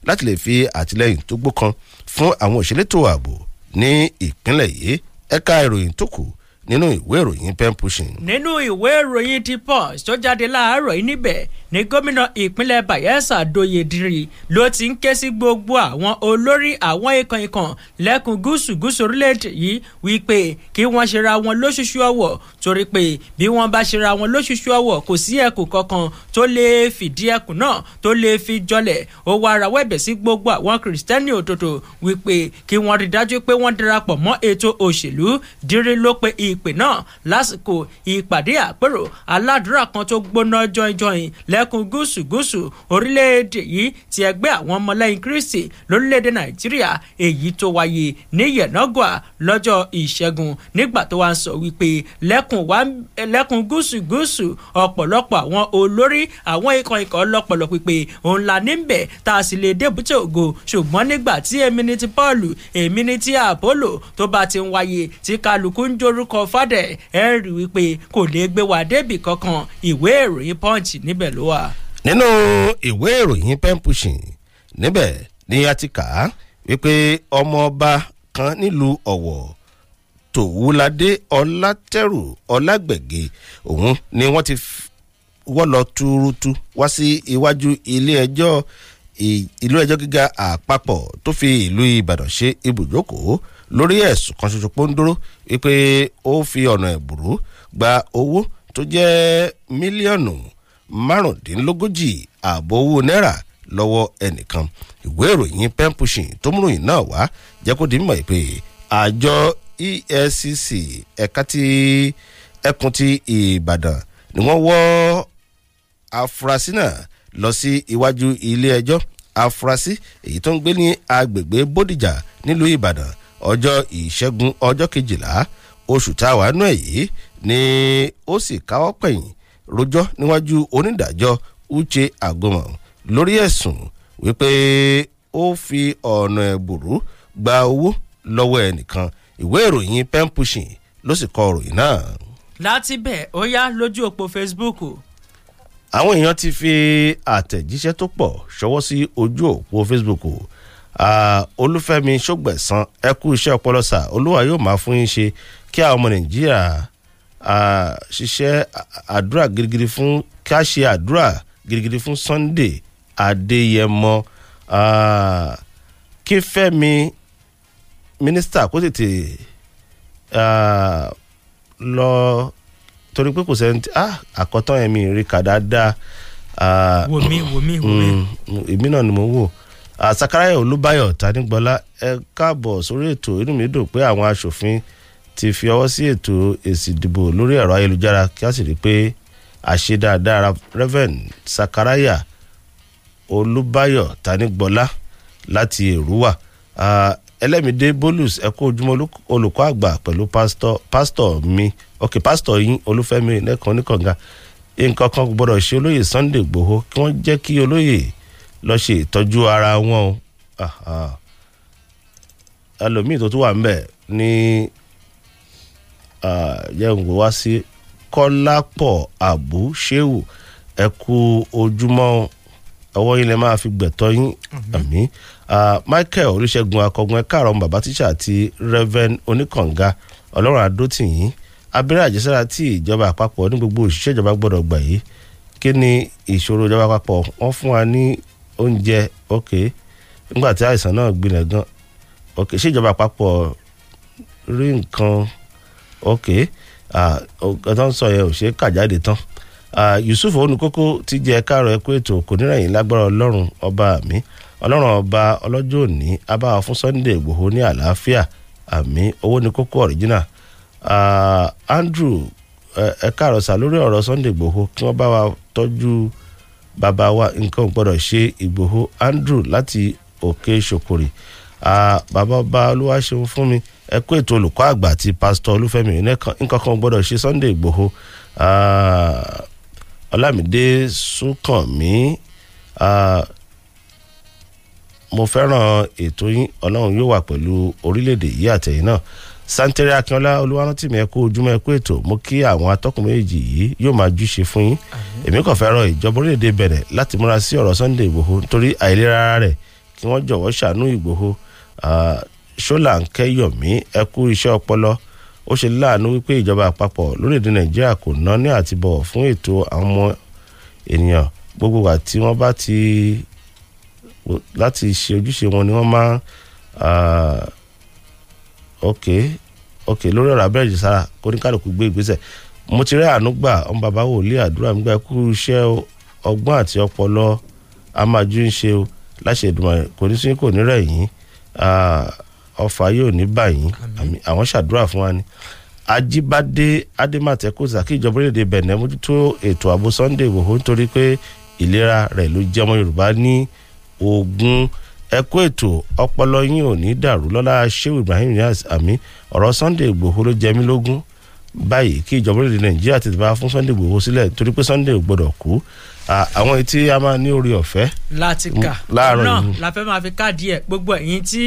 láti lè fi àtìlẹ́yìn tó gbókan fún àwọn òṣèlétò ààbò ní ìpínlẹ̀ yìí ẹ̀ka ìròyìn tó kù nínú ìwé ìròyìn pen pushing. nínú ìwé ìròyìn ti punch tó jáde láàárọ̀ yìí níbẹ̀ ni gómìnà ìpínlẹ̀ bayelsa doyediri ló ti ń ké sí gbogbo àwọn olórí àwọn ikàn ikàn lẹ́kùn gúúsù gúúsù orílẹ̀-èdè yìí wípé kí wọ́n ṣera wọn lóṣooṣù ọ̀wọ̀ torí pé bí wọ́n bá ṣera wọn lóṣooṣù ọ̀wọ̀ kò sí ẹkùn kankan tó lè fìdí ẹkùn náà tó lè fi jọlẹ̀ ó wá ara wẹ̀bẹ̀ sí gbogbo àwọn kìrìsìtẹ́nì òtòtò wípé kí wọ́n rí dájú pé wọ́n darapọ̀ mọ́ ètò òṣèlú dírí ló pe ì ìpè náà lásìkò ìpàdé àpérò aládùúrà kan tó gbóná jọinjọin lẹ́kùn gúúsù gúúsù orílẹ̀-èdè yìí ti ẹgbẹ́ àwọn ọmọlẹ́yìn kristi lórílẹ̀-èdè nàìjíríà èyí tó wáyé ní yẹ̀nàgọ́à lọ́jọ́ ìṣẹ́gun nígbà tó wá ń sọ wípé lẹ́kùn gúúsù gúúsù ọ̀pọ̀lọpọ̀ àwọn olórí àwọn ikọ̀ ikọ̀ lọ́pọ̀lọ́ pípé òun la níbẹ̀ tá a sì lè débùté ògo ṣùgbọ́n nígbà tí èmi ni ti pọ́ọ̀lù èmi ni ti àpólò tó bá ti ń wáyé tí kálukú ń dorúkọ fàdẹ̀ ẹ rí wípé kò lè gbé wa débì kankan ìwé ìròyìn punch níbẹ̀ ló wà. nínú ìwé ìròyìn pen níbẹ̀ ni a ti kà á wípé ọmọọba kan nílùú ọ̀wọ̀ tòwúladé ọlátẹrù ọlágbẹ̀gẹ òun ni wọ́n ti wọ́n lọ túrútú wá sí iwájú ilé ẹjọ́ ilé ẹjọ́ gíga àpapọ̀ tó fi ìlú ìbàdàn ṣe ibùjókòó lórí ẹ̀sùn kan ṣoṣo pé ó ń dúró wípé ó fi ọ̀nà ẹ̀bùrú gba owó tó jẹ́ mílíọ̀nù márùndínlógójì ààbọ̀ owó náírà lọ́wọ́ ẹnìkan ìwé ìròyìn pen pushing tó múròyìn náà wá jẹ́ kó di mímọ̀ pé àjọ EFCC ẹ̀ka ti ẹkùn ti Ìbàdàn ni wọ́n wọ́ afurasí náà lọ sí iwájú ilé ẹjọ́ afurasí èyí tó ń gbé ní agbègbè Bódìjà nílùú Ìbàdàn ọjọ́ ìṣẹ́gun ọjọ́ kejìlá oṣù tá a wà nù yìí ni ó sì káwọ́ pẹ̀yìn rojọ́ níwájú onídàájọ́ uche agoma lórí ẹ̀sùn wípé ó fi ọ̀nà ẹ̀bùrú gba owó lọ́wọ́ ẹnìkan ìwé ìròyìn pen pushing ló sì kọ ìròyìn náà. láti bẹ̀ ó yá lójú òpó facebook. àwọn èèyàn ti fi àtẹ̀jíṣẹ́ tó pọ̀ ṣọwọ́ sí ojú òpó facebook o Uh, olúfẹ́mi ṣògbẹ̀sán ẹ kú iṣẹ́ ọpọlọ sà olúwa yóò máa fún yín ṣe kí àwọn ọmọ nàìjíríà uh, ṣiṣẹ́ àdúrà gidigidi fún kí a ṣe àdúrà gidigidi fún sunday adéyẹmọ uh, kí fẹ́mi mínísítà kó tètè lọ torí pé kò sẹ́ni ah, àkọ́tán ẹ̀mí rí kà dáadáa. wòmí wòmí wòmí. Mm, èmi náà ni mo wò. Uh, àsakáráyà uh, olúbáyọ̀ tanígbọ́lá ẹ káàbọ̀ sórí ètò inú mi dùn pé àwọn aṣòfin ti fi ọwọ́ sí ètò èsì ìdìbò lórí ẹ̀rọ ayélujára kí a sì rí i pé àṣe dáadáa reverend sakaraya olúbáyọ̀ tanígbọ́lá láti èrúwà uh, ẹlẹ́mìdé bolus ẹ̀kọ́ ojúmọ́ olùkọ́ àgbà pẹ̀lú pásítọ̀ mi ok pásítọ̀ yín olúfẹ́mi nẹ́kan oníkànga nǹkan kan gbọ́dọ̀ ṣe olóyè sunday gbòho kí wọ́n jẹ́ kí olóyè lọ ṣe ìtọ́jú ara wọn o ẹlòmíì tó tún wà ńbẹ̀ ní yẹ̀ǹgbọ́ wá sí kọ́lápọ̀ àbú ṣéwù ẹ kú ojúmọ́ ọwọ́ yín lẹ máa fi gbẹ̀tọ́ yín mhm. àmì Michael Olúṣẹ́gun akọgun ẹ káàárọ̀ bàbá tíṣà àti Reverend oníkànga ọlọ́run adótìyín abẹ́rẹ́ àjẹsára tí ìjọba àpapọ̀ ní gbogbo òṣìṣẹ́ ìjọba gbọ́dọ̀ gbà yìí kí ni ìṣòro ìjọba àpapọ̀ wọ́n fún wa ní oúnjẹ ok nígbà tí àìsàn náà gbilẹ̀ gan ok ṣèjọba àpapọ̀ rí nǹkan ok ọ̀gá tó ń sọ yẹn ò ṣe é kà jáde tán Yusuf Oníkókó ti jẹ káàrọ̀ ẹ̀kú ètò kò nírẹ̀yìn lágbára ọlọ́run ọba mi ọlọ́run ọba ọlọ́jọ́ òní abáwa fún Sunday Ìgbòho ní àlàáfíà àmì owó ni kókó ọ̀ríjìnà Andrew ẹ káàrọ̀ sà lórí Sunday Ìgbòho kí wọ́n bàbá wa nǹkan ò gbọ́dọ̀ ṣe Ìgbòho Andrew láti òkè ṣòkòrè bàbá bá olúwa ṣeun fún mi ẹ kó ètò olùkọ́ àgbà àti pásítọ̀ olúfẹ́mi nǹkan kan gbọ́dọ̀ ṣe Sunday Ìgbòho ọlámídé súnkànmí mo fẹ́ràn ètò yín ọlọ́run yóò wà pẹ̀lú orílẹ̀-èdè yìí àtẹ̀yìn náà santere akínọlá olúwarántìmí ẹ kú ojúmọ́ ẹ kú ètò mo kí àwọn atọ́kùn méjì yìí yóò máa júṣe fún yín èmi kàn fẹ́ràn ìjọba orílẹ̀-èdè bẹ̀rẹ̀ láti múra sí ọ̀rọ̀ Sunday Ìgbòho nítorí àìlera rẹ̀ kí wọ́n jọ̀wọ́ ṣàánú Ìgbòho ṣọ́là ń kẹ́yọ̀mí ẹ kú iṣẹ́ ọpọlọ ó ṣe láàánú wípé ìjọba àpapọ̀ lórílẹ̀-èdè Nàìjíríà kò ná ní àti bọ̀wọ̀ fún ètò àwọn ọmọ ènìyàn gbogbo wa tí wọ́n bá ti láti ṣe ojúṣe wọn ni wọ́n máa ok ok lórí ọ̀rọ̀ abẹ́rẹ́ ìjẹsára kó ní kálukú gbé ìgbésẹ̀ mo ti rẹ́ àánú gbà ọmọ bàbá wò lé àdúrà mi gbà kú iṣẹ́ ọgbọ́n àti ọpọlọ amájú ń ṣe o láṣẹ Èdùmàrè kò ní sí kò ní rẹ̀ ọfà yóò ní báyìí àwọn ṣàdúrà fún wa ni Ajíbádé Adémàtẹ kòsà kí ìjọba orílẹ̀-èdè Benin mójútó ètò ààbò Sunday Ìgbòho nítorí pé ìlera rẹ̀ ló jẹ́ ọmọ Yorùbá ní ogún ẹ kó ètò ọpọlọ yín ò ní dàrú lọ́lá Shehu Ibrahim Niass àmì ọ̀rọ̀ Sunday Ìgbòho ló jẹ mí lógún báyìí kí ìjọba orílẹ̀-èdè Nàìjíríà tètè bá fún Sunday Ìgbòho sílẹ̀ torí pé Sunday ò gbọ́dọ̀ kú àwọn etí a máa ní orí ọ̀fẹ́. láti kà láàárọ̀ náà la fẹ́ máa fi káàdì ẹ̀ gbogbo ẹ̀yin tí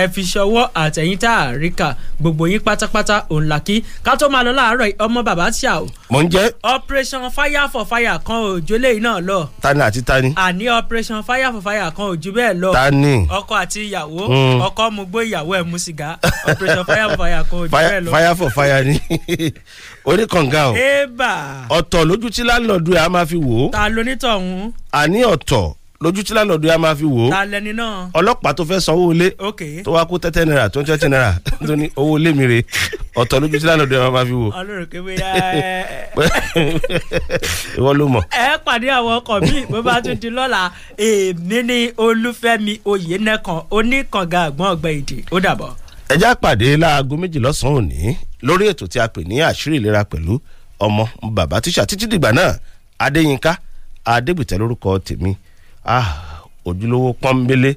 ẹ fi ṣọwọ́ àtẹ̀yìn tá a rí kà gbogbo yín pátápátá òun là kí ká tó máa lọ láàárọ̀ ọmọ bàbá tí a o. mo ń jẹ́. operation fire for fire kan ò jólè yìí náà lọ. tani àti tani. àní operation fire for fire kan ò ju bẹ́ẹ̀ lọ. tani. ọkọ àti ìyàwó mm. ọkọ mu gbó ìyàwó ẹ̀ mu sìgá operation fire for fire kan ò ju bẹ́ẹ̀ lọ. fire for fire ni <laughs> oníkànga o ọ̀tọ̀ lójú tí láńlọ́ọ̀dù yà á máa fi wò ó. ta ló ní tọ̀hún. àní ọ̀tọ̀ lójú tí láńlọ́ọ̀dù yà á máa fi wò ó. ta lẹni náà. ọlọ́pàá tó fẹ́ sanwó ilé. ok tó wá kó tẹ́tẹ́ náírà tó ń tẹ́tẹ́ náírà <laughs> tó ní owó ilé mi re ọ̀tọ̀ lójú tí láńlọ́ọ̀dù yà á máa fi wò. ọlọ́run kébé dá ẹ. ìwọ ló mọ̀. ẹ pàdé àwọn ọkọ mi bó bá tún di lọ́la èmi ni olúfẹ́mi oyènẹ́kan oníkànga àgbọ̀n ọgbẹ́ ìdè ó dàbọ̀ ẹ já pàdé láago méjì lọ́sàn-án òní lórí ètò tí a pè ní àṣírí ìlera pẹ̀lú ọmọ bàbá tíṣà títí dìgbà náà adéyínká adébùtẹ́ lórúkọ tèmi ah ojúlówó pọ́nbélé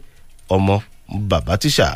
ọmọ bàbá tíṣà.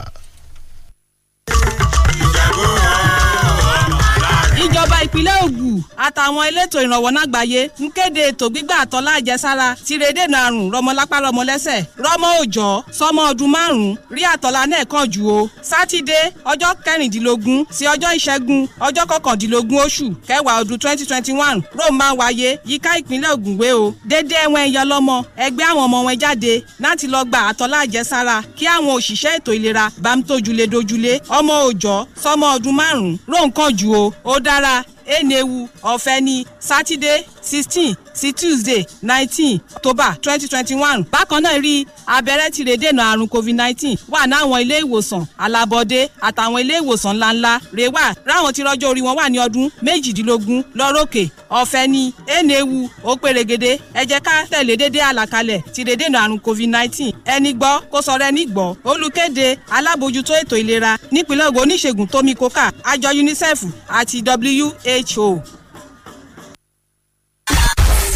ìpínlẹ̀ Ògùn àtàwọn elétò ìrànwọ́ nágbàáyé ń kéde ètò gbígbà àtọ́lá àjẹsára tìrẹ́dẹ̀nà àrùn rọmọlápá rọmọlẹ́sẹ̀ rọmọ òòjọ́ sọmọ ọdún márùn-ún rí àtọ́lá náà kàn jù o sátidé ọjọ́ kẹrìndínlógún sí ọjọ́ ìṣẹ́gun ọjọ́ kọkàndínlógún oṣù kẹwàá ọdún twenty twenty one rome máa wáyé yíká ìpínlẹ̀ Ògùn wé o dédé ẹwọn ẹyọ lọ́mọ ẹgbẹ́ àwọn ọmọ wọn jáde láti lọ gba àtọ́lá àjẹsára kí àwọn òṣìṣẹ́ ètò ìlera bá ń tójúlé dojúlé ọmọ òòjọ́ sọmọ ọdún márùn-ún rome kàn jù o ó dára enewu ọ̀fẹ́ ní sátidé sixteen sí tuesday nineteen october twenty twenty one bákan náà rí abẹ́rẹ́ tìrẹ dènà àrùn covid nineteen wà náwọn ilé ìwòsàn alábọ́dé àtàwọn ilé ìwòsàn ńláńlá rẹwà ráwọn tí rọjò orí wọn wà ní ọdún méjìdínlógún lọ́rọ̀kè ọ̀fẹ́ ni enewu ó pèrègede ẹ jẹ́ ká tẹ̀lé déédéé àlàkalẹ̀ tìrẹ dènà àrùn covid nineteen ẹni gbọ́ kó sọ̀rọ̀ ẹni gbọ́ olùkéde alábòjútó ètò ìlera nípínlẹ̀ Ògùn oníṣègùn tómi kókà àjọ UNICEF àti WHO